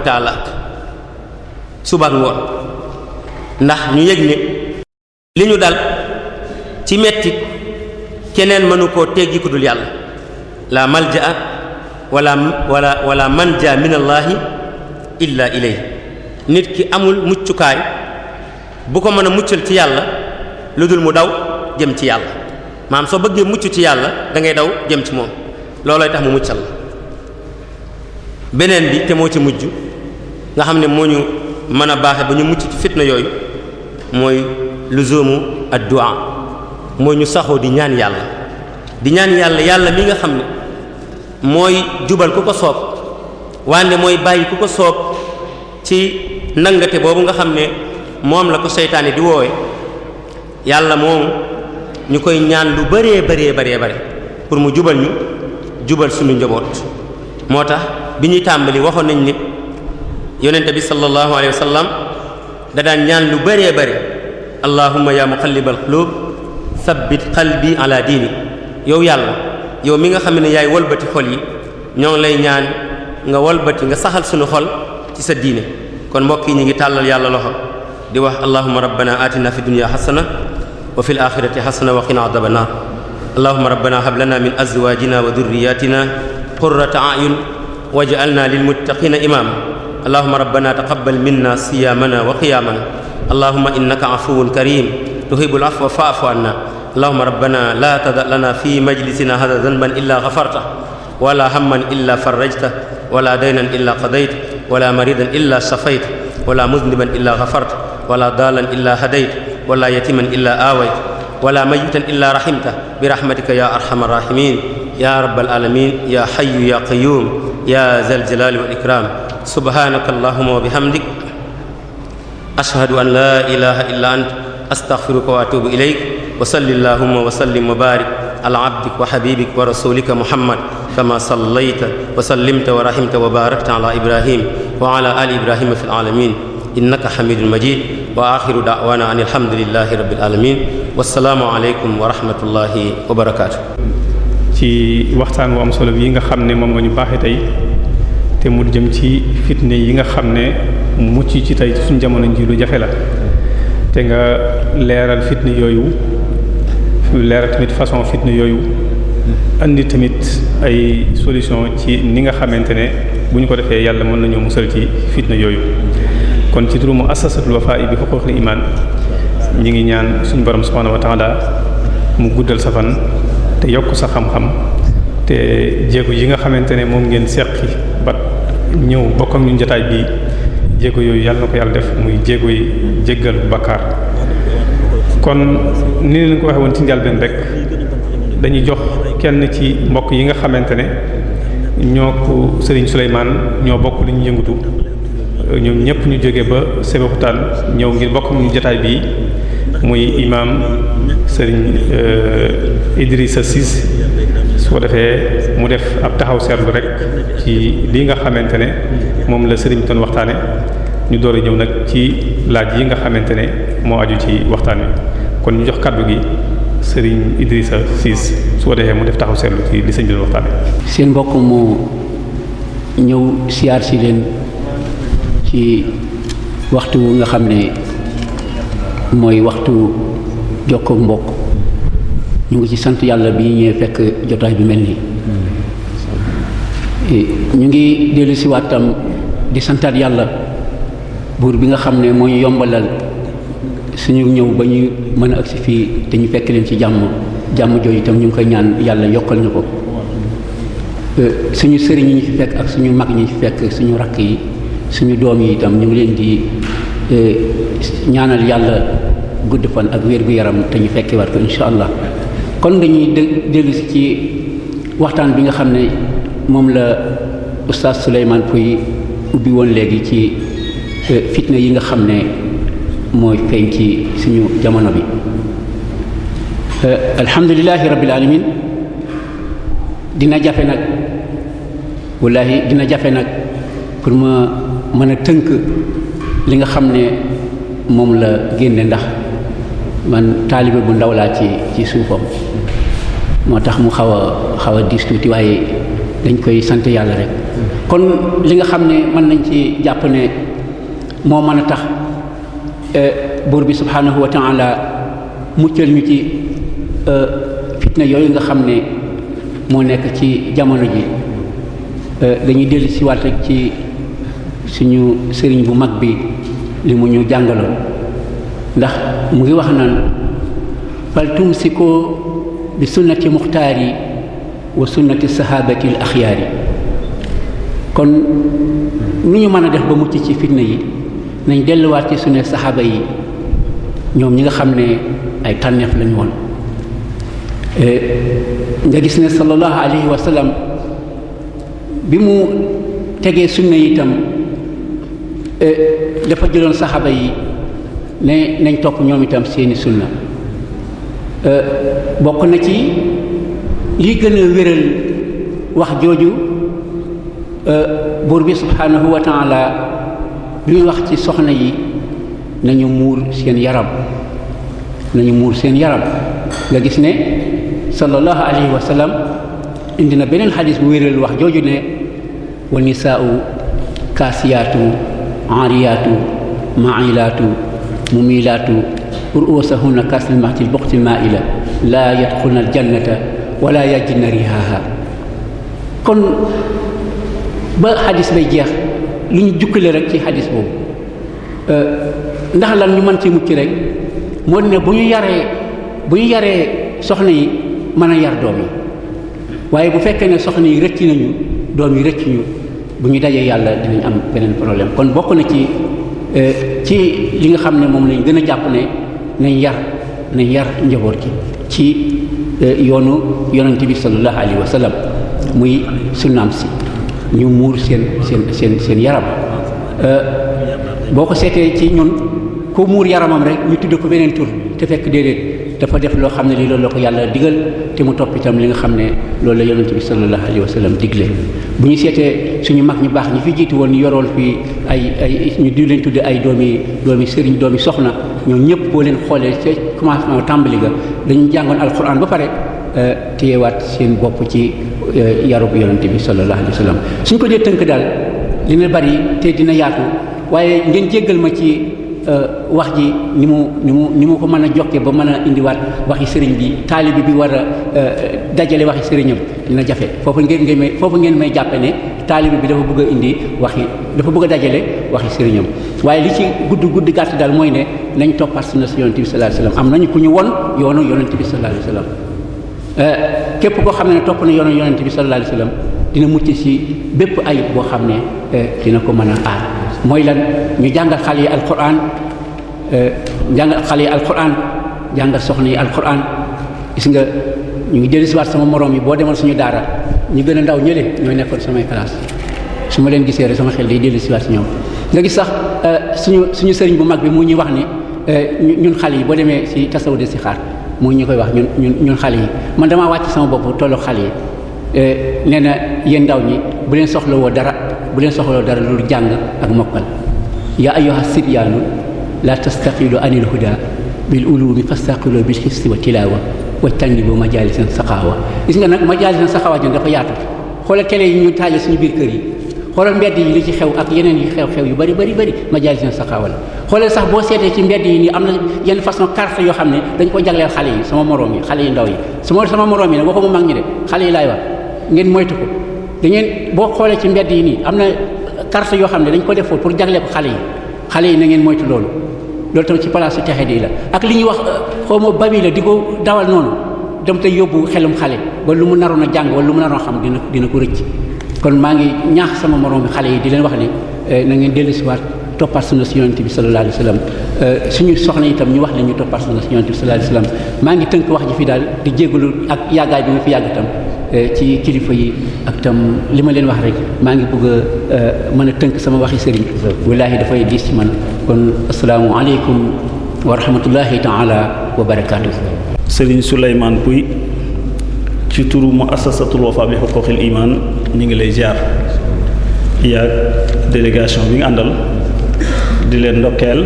wa ngoon ndax ñu yëg ne li ñu dal ci metti keneen mënu koo teggi ku dul yàlla la malja'a wala wala wala manja min allaahi illa ilayhi nit ki amul muccukaay bu ko mën a muccal ci yàlla lu dul mu daw jëm ci yàlla maam soo bëggee mucc ci yàlla dangay daw jëm ci moom loolooy tax mu muccal la beneen bi te moo ci mujj nga xam ne moo ñu mën a baaxe ba ñu mucc fitna yooyu mooy lu luzumu addu'a mooy ñu saxoo di ñaan yàlla di ñaan yàlla yàlla mi nga xam ne mooy jubal ku ko soob wande mooy bàyyi ku ko soob ci nangate boobu nga xam ne moom la ko seytaane di woowe yàlla moomu ñu koy ñaan lu bëree bëree bëree bëri pour mu jubal ñu jubal suñu njaboot moo tax bi ñuy tàmbali waxoon nañ ni yonente bi sallallahu alayhi wa da daan ñaan lu bëree bëri allahumma yaa muqallibal qulub sabbit qalbi ala diini yow yàlla yow mi nga xam ne yaay walbati xol yi ñoo ngi lay ñaan nga walbati nga saxal sunu xol ci sa diine kon mbokk yi ñu ngi tàllal yàlla loxo di wax allahumma rabbana atina fi dunya hasana wa fil akhirati hasana wa qina adhaban nar allahumma rabbana hab lana min azwajina wa dhurriyyatina qurrata a'yun waj'alna lil muttaqina imama allahumma rabbana taqabbal minna siyamana wa qiyamana allahumma innaka afuwun karim tuhibbul afwa fa'fu anna allahumma rabbana la tada' lana fi majlisina hadha dhanban illa ghafartahu wa la hamman illa farajtahu wa la daynan illa qadaytahu wa la maridan illa shafaytahu wa la mudhniban illa ghafartahu wa la dalan illa hadaytahu wa la yatiman illa awaytahu wa la mayyitan illa rahimtahu bi rahmatika ya arhamar rahimin ya rabbal alamin ya hayyu ya qayyum ya zal jalali wal ikram subhanaka allahumma wa bihamdika ashhadu an laa ilaha illa ant astaghfiruka wa atubu ilayk wa salli allahumma wa sallim wa barik ala abdik wa habibik wa rasulika muhammad kama sallayta wa sallimta wa rahimta wa barakta ala ibrahim wa ala ali ibrahima fil alamin innaka hamidun majid wa akhiru da'wana an alhamdulillahi rabbil alamin wasalaamu aleykum wa rahmatullahi wa barakatuh ci waxtaan wu am solo yi nga xam ne moom nga ñu baaxe tey te mu jëm ci fitne yi nga xam ne mucc ci tey suñ jamono ji jafe la te nga leeral fitne yooyu leeral tamit façon fitne yooyu andi tamit ay solution ci ni nga xamante ne bu ñu ko defee yàlla mën nañoo musal ci fitne yooyu kon ci turu muassasatul wafa'i bi huquqil iman ñi ngi ñaan suñu borom subhanahu wa ta'ala mu guddal safan fan te yokk sa xam-xam te jéego yi nga xamante ne moom ngeen seqi bat ñëw bokkam ñu jotaay bii jéego yooyu yàlla na ko yàlla def muy jéego yi jéggal bakkar kon ni leen ko waxee woon ci njalbeen rek dañuy jox kenn ci mbokk yi nga xamante ne ñoo ko Serigne Souleymane ñoo bokk luñu ñu yëngatu ñoom ñëpp ñu jóge ba Sébikotane ñëw ngir bokk ñu jotaay bii muy imam Serigne euh, Idrissa Ciss su ko defee mu def ab taxaw seetlu rek ci li nga xamante ne moom la sëriñ doon waxtaane ñu door a ñëw nag ci laaj yi nga xamante ne moo aju ci waxtaan wi kon ñu jox kàddu gi sëriñ Idrissa Ciss su ko defee mu def taxaw seetlu ci li sëñ bi doon waxtaane seen mbokk mu ñëw siyaar si leen ci waxtu wu nga xam ne mooy waxtu jox jokkook mbokk ñu ngi ci sant yàlla bi ñëwee fekk jotaay bi mel nii ñu ngi dellu si waatam di santaat yàlla buur bi nga xam ne moo ñu yombalal suñu ñëw ba ñu mën a agsi fii te ñu fekk leen ci jàmm jàmm jooju itam ñu ngi koy ñaan yàlla yokkal ñu ko euh, suñu sëriñ yi fi fekk ak suñu mag ñi fi fekk suñu rakk yi suñu doom yi itam ñu ngi leen di euh, ñaanal yàlla gudd fan ak wér gu yaram te ñu fekki war ko incha allah kon dañuy dé dégg ci waxtaan bi nga xam ne moom la oustaz Souleymane Pouy ubbi woon léegi ci e, fitna yi nga xam ne mooy feeñ ci suñu jamono bi e, alhamdulilahi rabbil alamin dina jafe nag wallahi dina jafe nag pour ma mën a tënk li nga xam ne moom la génne ndax man taalibe bu ndaw laa ci ci suufam moo tax mu xaw a xaw a diis waaye dañ koy sant yàlla rek kon li nga xam ne mën nañ ci jàpp ne moo mën a tax eh, buur bi subhanahu wa la muccal ñu ci eh, fitna yooyu nga xam ne moo nekk ci jamono ji eh, dañuy dellu siwaat rek ci suñu sëriñ bu mag bi li mu ñu jàngaloo ndax mu ngi wax naan fal tumsikoo bi sunnati muxtaar yi wa sunnati sahabati al yi kon nu ñu mën a def ba mucc ci fitna yi nañ delluwaat ci sunne saxaaba yi ñoom ñi nga xam ne ay tànneef lañu woon eh, nga gis ne sallallahu alayhi wa sallam bi mu tegee sunna yi itam eh, dafa jëloon saxaaba yi ne nañ topp ñoom itam seeni sunna euh, bokk na ci li gën a wéral wax jooju euh, buur bi subhanahu wa taala bi muy wax ci soxna yi nañu muur seen yaram nañu muur seen yaram nga gis ne sallallahu alayhi wa indi na beneen xadis bu wéral wax jooju ne wa nisaau kaasiyaatu aariyaatu mailaatu mii mumilaatu ruusahunna ci maxtil buxtil maa'ila laa yadxulna aljannata wala yajidna rihaha kon ba xadis bay jeex li ñu jukkale rek ci xadis boobu euh, ndax lan ñu mën ci mucc rek moo ne bu ñu yaree bu ñu yaree soxna yi mën a yar doom yi waaye bu fekkee ne soxna yi rëcc nañu doom yi rëcc ñu bu ñu dajee yàlla dinañ am beneen problème kon bokk na ci Euh, ci li nga xam ne moom lañ gën a jàpp ne nañ yar nañ yar njaboot gi ci euh, yoonu yonente bi sallallahu alayhi wa sallam muy sunnaam si ñu muur seen seen seen seen yaram euh, boo ko seetee ci ñun ku muur yaramam rek ñu tudd ko beneen tur te fekk déedéet dafa def loo xam ne lii loolu la ko yàlla digal te mu topp itam li nga xam ne loolu la yonent bi sallallahu alayhi wa digle bu ñu seetee suñu mag ñu baax ñi fi jiitu woon yoroon fi ay ay ñu di leen tudde ay doomi doomi sëriñ doomi soxna ñoom ñëpp boo leen xoolee ca commencement tàmbali ga dañu jàngoon alquran ba pare euh, téyewaat seen bopp ci euh, yarub yonent bi sallallahu alayhi wa suñ ko dee tënk daal dina bari te dina yaatu waaye ngeen jéggal Euh, wax ji ni mu ni mu ni mu ko mën a jokkee ba mën a indiwaat yi sëriñ bi taalibi bi war a euh, dajale wax waxi sëriñam dina jafe foofu ngeen may foofu ngeen may jàppe ne taalibi bi dafa bëgg a indi wax yi dafa bëgg a dajale yi sëriñam waaye li ci gudd gudd gàtt daal mooy ne nañ toppaat na si yonent bi sallallahu alayhi am nañu ku ñu won yoonu yonent bi sallallahu alayhi wasallam euh, képp koo xam ne topp na yoonu yonent bi sallallahu alayhi dina mucc si bépp ayib boo xam ne dina ko mën a aar mooy lan ñu jàngal xale yi alquran euh, jàngal xale yi alquran jàngal soxna yi alquran gis nga ñu ngi dellusiwaat sama morom yi boo demoon suñu daara ñu gën a ndaw ñële ñooy nekkoon samay classe su ma leen gisee rek sama xel day dellusiwaat si ñoom nga gis sax euh, suñu suñu sëriñ bu mag bi mu ñuy wax ni euh, ñun xale yi boo demee si tasawu de si xaar mu ñu koy wax ñun ñun ñun xale yi man damaa wàcc sama bopp tollu xale yi nee na yéen ndaw ñi bu leen soxlawoo dara. bu leen soxloo dara loolu jàng ak mokkal yaa ayyuha sibyaanu laa tastaqilu anil huda bil ulumi fastaqilu bil xifsi wa tilaawa wa tannibu majaalisan saxaawa gis nga nag majaalisan saxaawa jën dafa yaatu xoolal télé yi ñu taaje suñu biir kër yi xoolal mbedd yi li ci xew ak yeneen yi xew-xew yu bari bari bari majaalisan saxaawa la xoolal sax boo seetee ci mbedd yi nii am na yenn façon carte yoo xam ne dañ ko jagleel xale yi sama moroom yi xale yu ndaw yi su ma sama moroom yi nag waxuma mag ñi de xale yi laay wax ngeen moytu ko da ngeen boo xoolee ci mbedd yi nii am na carte yoo xam ne dañ ko def foofu pour jagle ko xale yi xale yi na ngeen moytu loolu loolu tam ci place texe di la ak li ñuy wax xaw ma babi la di ko dawal noonu dem tey yóbbu xelum xale ba lu mu naroon a jàng wala lu mu naroon a xam dina dina ko rëcc kon maa ngi ñaax sama moroom xale yi di leen wax ne eh, na ngeen dellusiwaat toppaat sunna si yonente bi sallallahu alayhi wa sallam eh, suñu soxna itam ñu wax la ñu toppaat sunna si yonente bi sallallahu alayhi maa ngi tënk wax ji fi daal di jégalu ak yàggaay bi fi yàgg itam eh, ci kilifa yi ak tam li ma leen wax rek maa ngi bëgg a euh, mën a tënk sama waxi sëriñ wallaahi dafay diis ci man kon asalaamualeykum wa rahmatullahi taala wa barakaatu sëriñ Souleymane Pouy ci turu mu assasatul wafa bi xuquqil iman ñu ngi lay ziar yaag délégation bi nga àndal di leen ndokkeel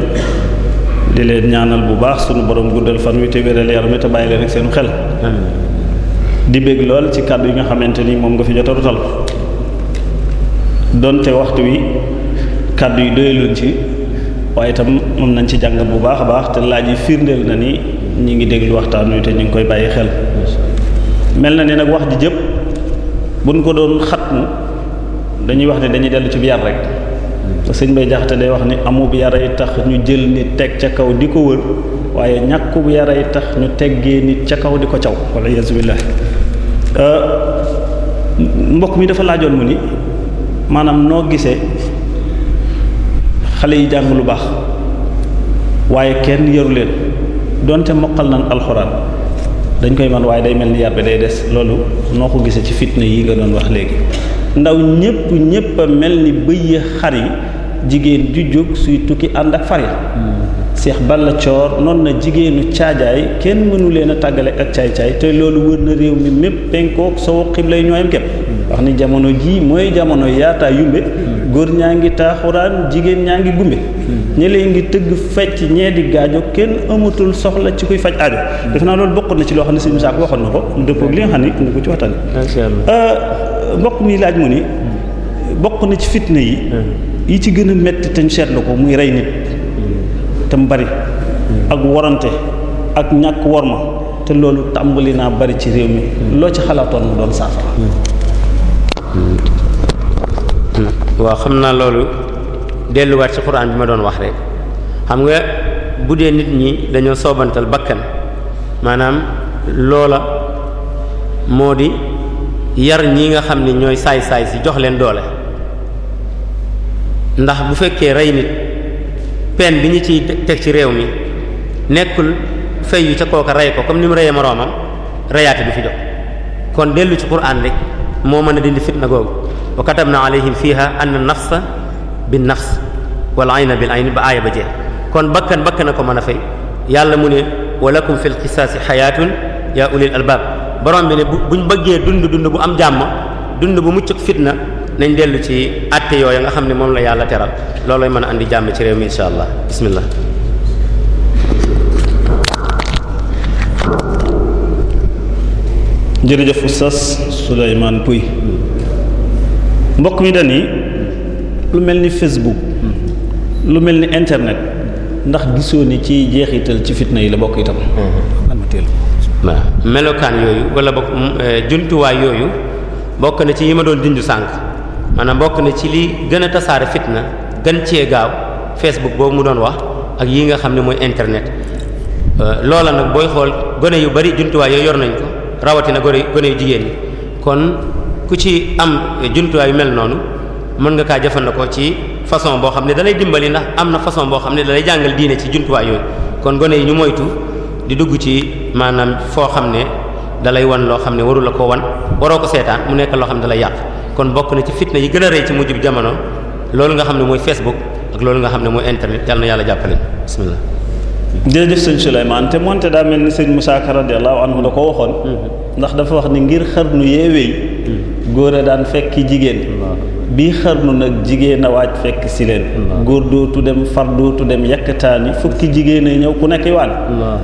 di leen ñaanal bu baax sunu borom guddal fan wi te wéral yaram te bàyyi leen ak seen xel di bég lool ci kàddu yi nga xamante nii moom nga fi jot a donte waxtu wi kàddu yi doyaluñ ci waaye itam mën nañ ci jàngat bu baax a baax te laaj yi firndeel na ni ñu ngi déglu waxtaan wi te ñu ngi koy bàyyi xel. mel na ni nag wax ji jëpp buñ ko doon xatmu dañuy wax ne dañuy dellu ci yar rek te sëñ bay jaxte day wax ni yara yi tax ñu jël nit teg ca kaw di ko wër waaye yara yi tax ñu teggee nit ca kaw di ko caw wala yasubillah Euh, mbokk mi dafa laajoon mu ni maanaam noo gisee xale yi jàng lu baax waaye kenn yaru leen donte mokkal nañ alxuraan dañ koy man waaye day mel ni yar bi day des loolu noo ko gisee ci fitna yi nga doon wax léegi ndaw ñépp ñépp mel ni bëy xar yi jigéen ju jóg suy tukki ànd ak fari Seex Balla Coor noonu na jigéenu caajaay kenn mënu leen a tàggale ak caay-caay te loolu wër na réew mi mépp penkook sowu xiblay ñooyam képp wax ni jamono jii mooy jamono yaataa yumbe góor ñaa ngi taaxuraan jigéen ñaa ngi gumbe ñe leen ngi tëgg fecc ñee di gaajo kenn amatul soxla ci kuy faj aajo def naa loolu bokk na ci loo xam ne Sëñ Musaa waxoon na ko dëppoog li nga xam ne indi ko ci waxtaan euh, mbokk mi laaj mu ni na ci fitna yi hmm. yi ci gën a métti te ñu seetlu ko muy rey nit te mu bari ak warante ak ñàkk worma te loolu tàmbali naa bari ci réew mi loo ci xalaatoon mu doon saafara waaw xam naa loolu delluwaat ci xuraan bi ma doon wax rek xam nga bu dee nit ñi dañoo soobantal bakkan maanaam loola moo di yar ñi nga xam ni ñooy saay saay si jox leen doole ndax bu fekkee rey nit pen bi ñu ciy teg ci réew mi nekkul fay yu ca kooka rey ko comme ni mu reyee moroomam reyaate du fi jox kon dellu ci quraan rek moo mën a dindi fitna googu wa katabna alayhim fiha anna nafsa bin nafs wal ayna bil ayn ba aaya ba jeex kon bakkan bakkan a ko mën a fay yàlla mu ne walakum fil qisaasi xayaatun yaa ulil albaab borom bi ne buñ bëggee dund dund bu am jàmm dund bu mucc fitna nañ dellu ci àtte yooyu nga xam ne moom la yàlla teral loolooy mën a andi jàmm ci réew mi insha allah bismillah jërëjëf oustaz Souleymane Pouy mbokk mi dani lu mel ni Facebook lu mel ni internet ndax gisoo ni ci jeexital ci fitna yi la bokk itam mhm. melokaan yooyu wala bokk mm, eh, jumtuwaay yooyu bokk na ci yi ma doon junj sànq maanaam bokk na ci li gën a tasaare fitna gën cee gaaw Facebook boobu mu doon wax ak yi nga xam ne mooy internet euh, loola nag booy xool gone yu bari jumtuwaay yooyu yor nañ ko rawatina gone gone yu jigéen ñi kon ku ci am jumtuwaay yu mel noonu mën nga kaa jëfandikoo ci façon boo xam ne dalay dimbali ndax am na façon boo xam ne dalay jàngal diine ci juntuwaay yooyu kon gone yi ñu moytu di dugg ci maanaam foo xam ne dalay wan loo xam ne waru ko wan waroo ko seetaan mu nekk loo xam ne dalay yàq kon bokk na ci fitna yi gën a rëy ci mujjub jamono loolu nga xam ne mooy Facebook ak loolu nga xam ne mooy internet yàlla na yàlla jàppale bismillah jërëjëf sëñ Souleymane te moonte daa mel ni sëñ Moussa Ka radiyallahu anhu da ko waxoon mm-hmm. ndax dafa wax ni ngir xarnu yeewee mm-hmm. góor a daan fekki jigéen bii xarnu nag jigéen a fekk si leen góor dootu dem far dootu dem yakkataani fukki jigéen a ñëw ku nekk waan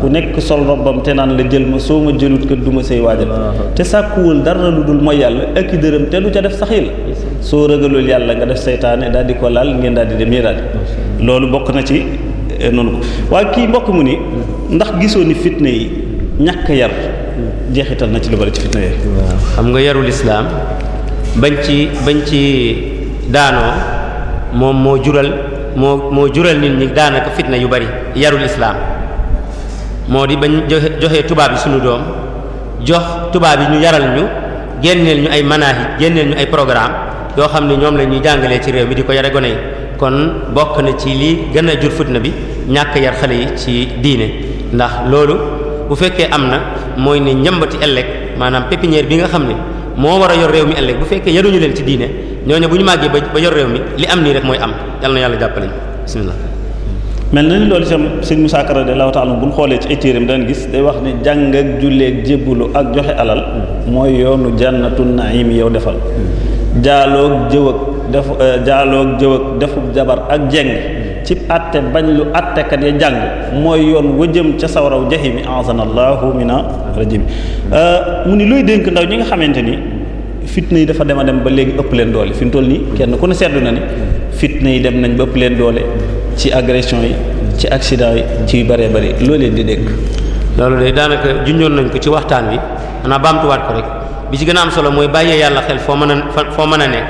ku nekk sol robbam te naan la jël ma soo ma jëlut kër du ma say waajal te sàkkuwul dara lu dul mooy yàlla ak i dërëm te lu ca def saxii la soo ragalul yàlla nga def seytaane daal di ko laal ngeen daal di dem yee daal loolu bokk na ci eh, noonu ko waaye kii mbokk mu ni ndax gisoo ni fitna yi ñàkk yar hmm. jeexital na ci lu bari ci fitna yi xam nga yarul islaam bañ ci bañ ci daanoo moom moo jural moo moo jural nit ñi daanaka fitna yu bari yarul islaam moo di bañ joxe joxe tubaab yi suñu doom jox tubaab yi ñu yaral ñu génneel ñu ay manahij génneel ñu ay programme yoo xam ne ñoom la ñuy jàngalee ci réew mi di ko yare gone kon bokk na ci li gën a jur fitna bi ñàkk yar xale yi ci diine ndax loolu bu fekkee am na mooy ne ñëmbati ëllëg maanaam pépinière bi nga xam ne moo war a yor réew mi ëllëg bu fekkee yaruñu leen ci diine ñooñu bu ñu màggee ba yor réew mi li am nii rek mooy am yal na yàlla jàppale ñu bismillah mel na ni loolu itam sëñ Musaa Ka radiyallahu ta'ala bu ñu xoolee ci ay téeram daan gis day wax ne jàng ak julleeg ak joxe alal mooy yoonu jannatu naim yow defal hmm. jaaloo jëw ak def eh, jaaloog jëw ak jabar ak jeng cib àtte bañ lu àttekat ya jàng mooy yoon wëjëm ca sawaraw jahimi azana allahu mina rajim euh, mu ni looy dénk ndaw ñi nga xamante ni fitna yi dafa dem a dem ba léegi ëpp leen doole fi mu toll nii kenn ku ne seetlu na ni fitna yi dem nañ ba ëpp leen doole ci agression yi ci accident yi ci bëree bëri loo leen di dénk loolu de daanaka junjoon nañ ko ci waxtaan wi xanaa baamtuwaat ko rek bi ci gën a am solo mooy bàyyee yàlla xel foo mën a foo mën a nekk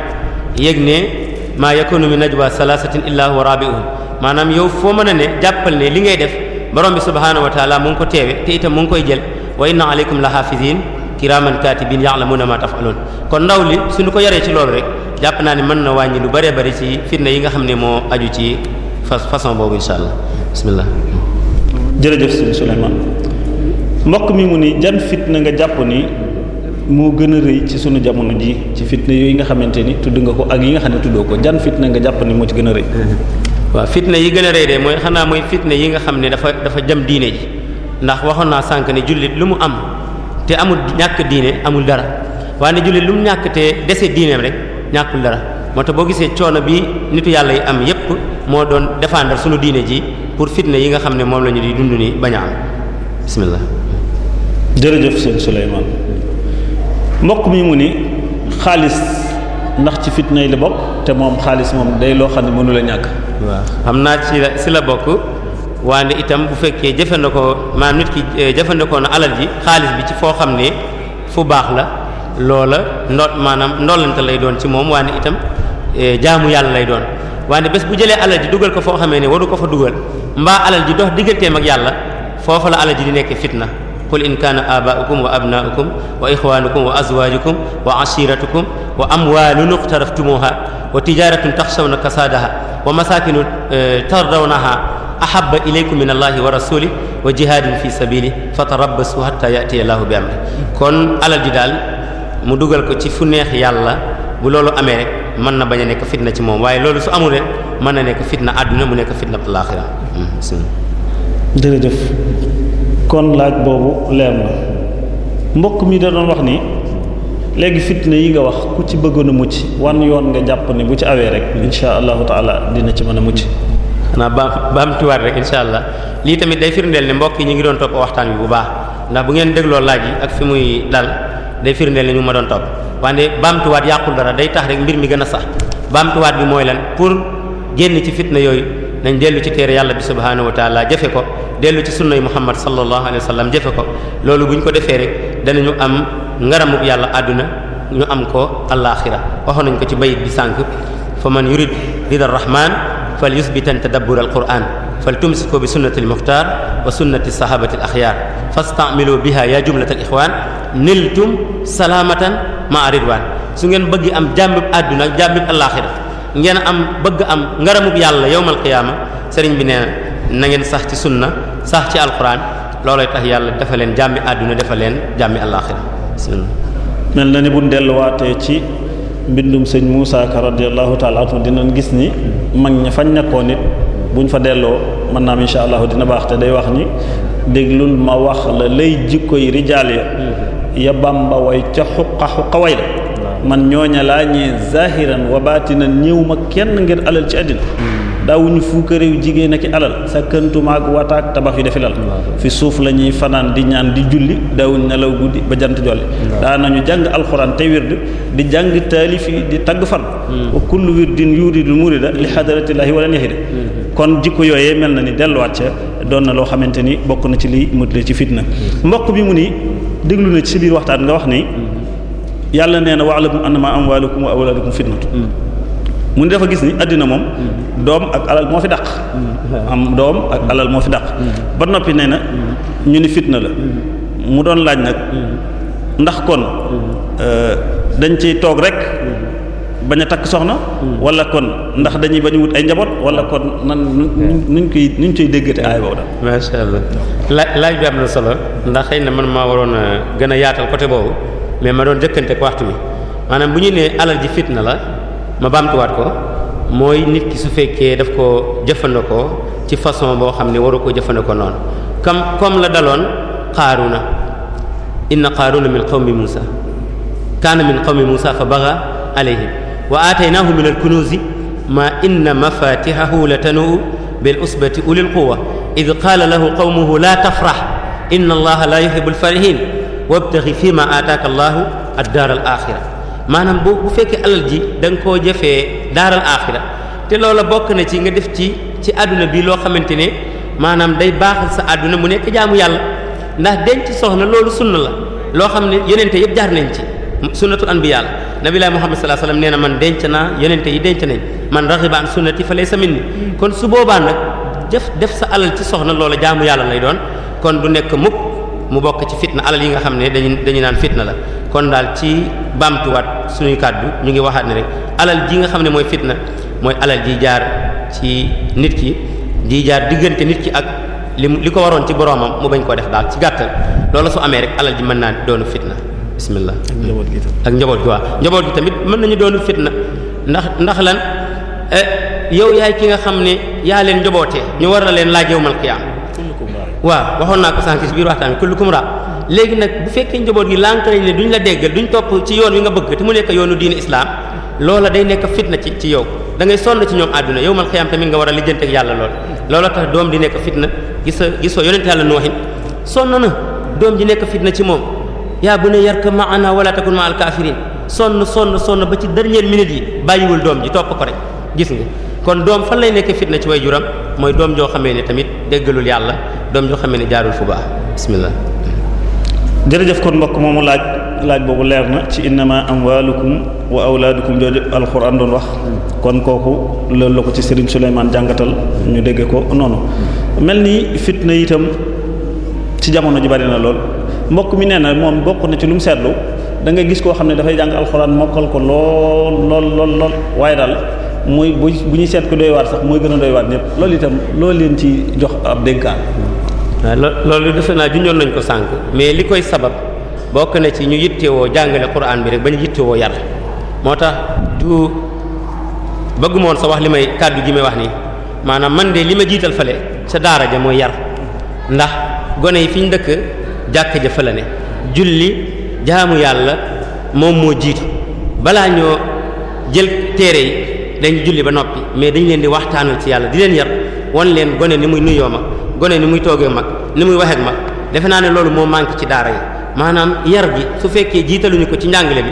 yéeg ne maa yakunu min najwa salasatin illa huwa rabi'uhum maanaam yow foo man a ne jàppal ne li ngay def borom bi subhanahu wa taala mu ngi ko teewe te itam mu ngi koy jël wa inna aleykum la hafizin kiraman katibin ya'lamuna ma taf'alun kon ndaw li suñu ko yaree ci loolu rek jàpp naa ne mën na wàññi lu bëree bëri ci fitna yi nga xam ne moo aju ci fa façon boobu insha allah bismillah jërëjëf sëñ Souleymane mbokk mi mu ni jan fitna nga jàpp ni moo gën a rëy ci sunu jamono ji ci fitna yooyu nga xamante ni tudd nga ko ak yi nga xam ne tuddoo ko jan fitna nga jàpp ni moo ci gën a rëy. Mm-hmm. waaw fitna yi gën a rëy de mooy xanaa mooy fitna yi nga xam ne dafa dafa jëm diine ji ndax waxoon naa sànq ne jullit lu mu am te amul ñàkk diine amul dara waaye ne jullit lu mu ñàkk te dese diineem rek ñàkkul dara moo tax boo gisee coono bi nitu yàlla yi am yépp moo doon défendre sunu diine ji pour fitna yi nga xam ne moom la di dund ni bañ a am bismillah jërëjëf sëñ Souleymane mbokk mi mu ni xaalis ndax ci fitna yi la bokk te moom xaalis moom day loo xam ne mënula la ñàkk. waaw xam naa ci la si la bokk waane itam bu fekkee jëfandikoo maanaam nit ki eh, jëfandikoo na alal ji xaalis bi ci foo xam ne fu baax la loola ndoot maanaam ndollante lay doon ci moom waane itam eh, jaamu yàlla lay doon waane bés bu jëlee alal ji dugal ko foo xamee ne waru ko fa dugal mbaa alal ji dox digganteem ak yàlla foofa la alal ji di nekkee fitna. qul in kaana aabaa'ukum wa abnaa'ukum wa ixwaanukum wa azwaajukum wa ashiiratukum wa amwaalun iqtaraftumuuhaa wa tijaaratun taxshawna kasaadahaa wa masaakinu tardawnahaa ahabba ilaykum min allahi wa rasuulih wa jihaadin fi sabiilih fatarabbasuu hattaa ya'tiya allaahu bi amrih kon alal ji daal mu dugal ko ci fu neex yàlla bu loolu amee rek mën na bañ a nekk fitna ci moom waaye loolu su amul rek mën na nekk fitna àdduna mu nekk fitna laaxira hmm, jërëjëf kon laaj boobu leer na mbokk mi da doon wax ni léegi fitna yi nga wax ku ci bëggoon a mucc wan yoon nga jàpp ni bu ci awee rek insha allahu taala dina ci mën a mucc xanaa ba baamtuwaat rek insha allah lii tamit day firndeel ni mbokk yi ñu ngi doon topp waxtaan bi bu baax ndax bu ngeen dégloo laaj yi ak fi muy day firndeel ne ñu ma doon topp wante baamtuwaat yàqul dara day tax rek mbir mi gën a sax baamtuwaat bi mooy lan pour génn ci fitna yooyu nañ dellu ci téere yàlla bi subhaanahu wa taala jëfe ko dellu ci sunnay muhammad sallallahu alayhi wa sallam jëfe ko loolu bu ñu ko defee rek ñu am ngaramuk yàlla àdduna ñu am ko alaaxira waxoon nañ ko ci bayit bi sànq fa man yurid rida rahman fal yusbitan tadabbur al quran fal tumsiku bi sunnati al muxtaar wa sunnati sahabati al axyaar fastamilu biha ya jumlata al ixwaan niltum salaamatan ma ridwaan su ngeen bëgg am jàmbib àdduna jàmbib alaaxira ngeen am bëgg am ngaramub yàlla yowmal qiyaama sëriñ bi nee na ngeen sax ci sunna sax ci alquran loolooy tax yàlla dafa leen jàmmi àdduna dafa leen jàmmi àllaaxira mel na ni bu delluwaatee ci mbindum sëñ Moussa Ka radiyallahu ta'ala anhu dinañ gis ni mag ñi fañ nekkoon bu buñ fa delloo mën naam insha allahu dina baax te day wax ni déglul ma wax la lay jikko yi rijaal ya mm-hmm. ya Bàmba way ca xuqa xuqa way la man ñooña laa ñee zahiran wa baatinan ñëw ma kenn ngir alal ci àddina hmm. daawuñu fuuka réew jigéen ak alal sakkantuma ak wataak tabax yu defi lal hmm. fi suuf la ñuy fanaan di ñaan di julli daawuñu nelaw guddi ba jant jolli hmm. daanañu jàng alxuraan te wird di jàng taalif di tagg fan wa kullu wirdin yuridul murida li xadaratillaahi wala neexi de kon jikko yooyee mel na ni delluwaat ca doon na loo xamante ni bokk na ci liy mutale ci fitna mbokk bi mu ni déglu na ci biir waxtaan nga wax ni yàlla nee na wa'lamu am amwaalukum wa awlaadukum fitnatu mm. mu ne dafa gis ni àddina moom mm. doom ak alal moo fi dàq mm. am doom ak alal moo fi dàq ba noppi nee na ñu ni fitna la mu doon laaj nag ndax kon euh, dañ ciy toog rek bañ a takk soxna wala kon ndax dañuy bañ wut ay njaboot wala kon nan nuñ koy nuñ koy déggate aay boobu daal masha Allah laaj bi am na solo ndax xëy na man maa waroon gën a yaatal côté boobu mais ma doon jëkkante ko waxtu bi maanaam bu ñu nee alal ji fitna la ma waat ko mooy nit ki su fekkee daf ko jëfandikoo ci fason boo xam ne waru ko jëfandikoo noonu comme comme la daloon qaaruna inna qaaruna min qawmi musa kaana min qawmi musa fa bagha alayhim wa aataynaahu min alkunuuzi ma inna mafatihahu la tanuu bil usbati ulil quwwa id qaala lahu qawmuhu la tafrah inna allaha la yuhibbul farihin wabtaxi fii ma aataaka llaahu ad daaral axira maanaam boo bu fekkee alal ji da koo jëfee daaral axira te loola bokk na ci nga def ci ci àdduna bi loo xamante ne maanaam day baaxal sa àdduna mu nekk jaamu yàlla ndax denc soxna loolu sunna la loo xam ne yonente yëpp jaar nañ ci sunnatul anbiya la nabilaay muhammad sallallahu alayhi wasallam nee na man denc naa yonente yi denc nañ man raxiba an sunnati fa laysa minni kon su boobaa nag jëf def sa alal ci soxna loolu jaamu yàlla lay doon kon du nekk mukk mu bokk ci fitna alal yi nga xam ne dañu dañu naan fitna la kon daal ci baamtuwaat suñuy kàddu ñu ngi waxaat ne rek alal ji nga xam ne mooy fitna mooy alal ji jaar ci nit ki di jaar diggante nit ki ak li mu li ko waroon ci boromam mu bañ koo def daal ci gàttal loolu su amee rek alal ji mën naa doonu fitna bismillah ak njaboot gi waaw njaboot gi tamit mën nañu doonu fitna ndax ndax lan eh, yow yaay ki nga xam ne yaa leen njabootee ñu war na leen laaj yowmal waaw waxoon naa ko sànq ci biir waxtaan bi kullukum ra léegi nag bu fekkee njaboot gi lànk nañ ne duñ la déggal duñ topp ci yoon wi nga bëgg te mu nekk yoonu diine islam loola day nekk fitna ci yow dangay sonn ci ñoom àdduna yow man xiyam tamit nga war a lijjante ak yàlla lool loola tax doom di nekk fitna gisa gisoo yonent yàlla nooxin sonn na doom ji nekk fitna ci moom yaa bu ne ma anaa wala takun ma al kafirin sonn sonn sonn ba ci dernière minute yi bàyyiwul doom ji topp ko gis nga kon doom fan lay nekk fitna ci way juram mooy doom joo xamee ne tamit déggalul yàlla doom joo xamee ne jaarul fu baax bismillah jërëjëf kon mbokk moomu laaj laaj boobu leer na ci innama amwalukum wa awlaadukum jooju alxuraan doon wax kon kooku loolu la ci Serigne Souleymane jàngatal ñu dégg ko noonu mel ni fitna itam ci jamono ji bari na lool mbokk mi nee moom bokk na ci lu seetlu da nga koo xam ne dafay jàng lool lool lool waaye daal muy bu bu ñu seet ko doy waar sax mooy gën a doy waar ñëpp loolu itam loolu leen ci jox ab dénkaan. waaw loolu defe naa junjoon nañ ko sànq mais li koy sabab bokk na ci ñu yittewoo jàngale quran bi rek ba ñu yittewoo yar moo tax du bëgguma woon sa wax li may kàddu gi may wax nii maanaam man de li ma jiital fale sa daara ja mooy yar ndax gone yi fi ñu dëkk jàkk ja fa la ne julli jaamu yàlla moom moo jiitu balaa ñoo jël téere yi dañ julli ba noppi mais dañu leen di waxtaanal ci yàlla di leen yar wan leen gone ni muy nuyoo mag gone ni muy toogee mag ni muy waxeek mag defe naa ne loolu moo manque ci daara yi maanaam yar bi su fekkee jiitaluñu ko ci njàngale bi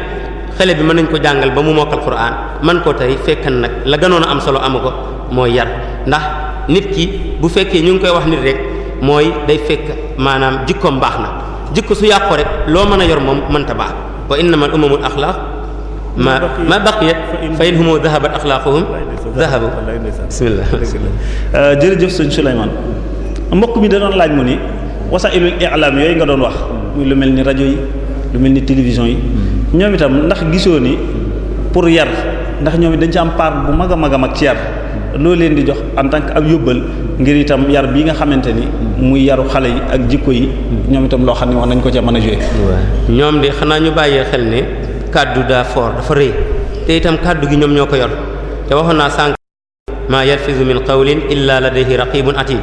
xale bi mën nañ ko jàngal ba mu mokkal Qur'an man koo tey fekkan nag la ganoon am solo am ko mooy yar ndax nit ki bu fekkee ñu ngi koy wax nit rek mooy day fekk maanaam jikkoom baax na jikko su yàqoo rek loo mën a yor moom mënta baax ma ma baqiyat fa in humu dhahabat axlaaquhum dhahabu bismillah euh, jërëjëf sëñ Souleymane mbokk mi da doon laaj mu ni wasaa'ilul i'laam yooyu nga doon wax muy lu mel ni rajo yi lu mel ni télévision yi hmm. ñoom itam ndax gisoo ni pour yar ndax ñoom it dañ ci am part bu mag a mag a mag ci yar loo leen di jox en tant que ab yóbbal ngir itam yar bi nga xamante ni muy yaru xale yi ak jikko yi hmm. ñoom itam loo xam ne wax nañ ko ca mën a jouer ñoom di xanaa ñu bàyyee xel ne kàddu daa foor dafa rëy te itam kàddu gi ñoom ñoo ko yor te waxoon naa sànq maa yalfizu min qawlin illa ladayhi raqibun atid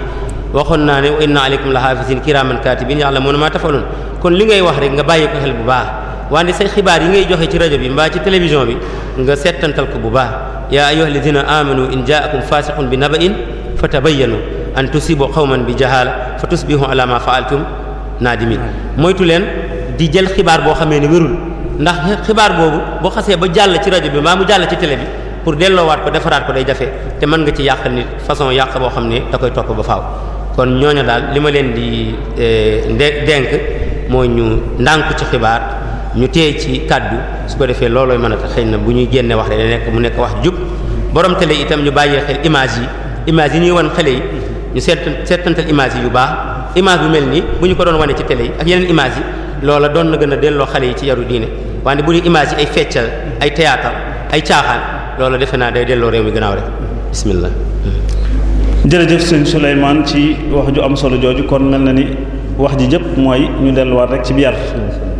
waxoon naa ne wa inna aleykum la haafizin kiraman katibin ya'lamuna ma taf'alun kon li ngay wax rek nga bàyyi ko xel bu baax wante say xibaar yi ngay joxe ci rajo bi mbaa ci télévision bi nga settantal ko bu baax yaa ayyuha alladhina amanu in ja'akum fasiqun bi naba'in fatabayyanu an tusibu qawman bi jahala fa tusbihu ala fa'altum nadimin moytu ndax xibaar boobu boo xasee ba jàll ci rajo bi mbaa mu jàll ci télé bi pour delloowaat ko defaraat ko day jafe te mën nga ci yàq ni façon yàq boo xam ne da koy topp ba faw kon ñooñu daal li ma leen di eh, denk mooy ñu ndànk ci xibaar ñu téye ci kàddu su ko defee loolooy mën a tax xëy na bu ñuy génne wax ne nekk mu nekk wax jub borom télé itam ñu bàyyee xel image yi image yi ñuy wan xale yi ñu seet seetantal image yi yu baax image bu mel nii bu ñu ko doon wane ci télé yi ak yeneen image yi loola doon na gën a delloo xale yi ci yaru diine wante bu dee image ay feccal ay théâtre ay caaxaan loola defe naa day delloo réew mi gannaaw rek bismillah jërëjëf sëñ Souleymane ci wax ju am solo jooju kon mel na ni wax ji jëpp mooy ñu delluwaat rek ci bi yar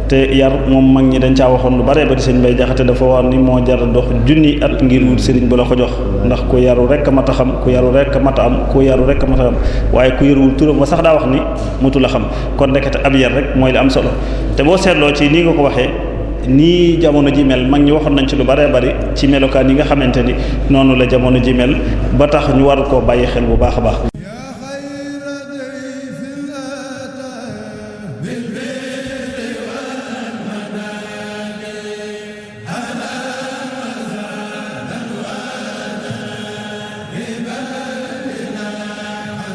te yar moom mag ñi dañ caa waxoon lu bare bari sëñ Bay Jaxate dafa wax ni moo jar dox junni at ngir wut sëriñ bu la ko jox ndax ku yaru rek mat a xam ku yaru rek mat a am ku yaru rek mat a waaye ku yaruwul turam ba sax daa wax ni mutu la xam kon ndekete ab yar rek mooy li am solo te boo seetloo ci lii nga ko waxee nii jamono ji mel mag ñi waxoon nañ ci lu bare bari ci melokaan yi nga xamante ni noonu la jamono ji mel ba tax ñu war koo bàyyi xel bu baax a baax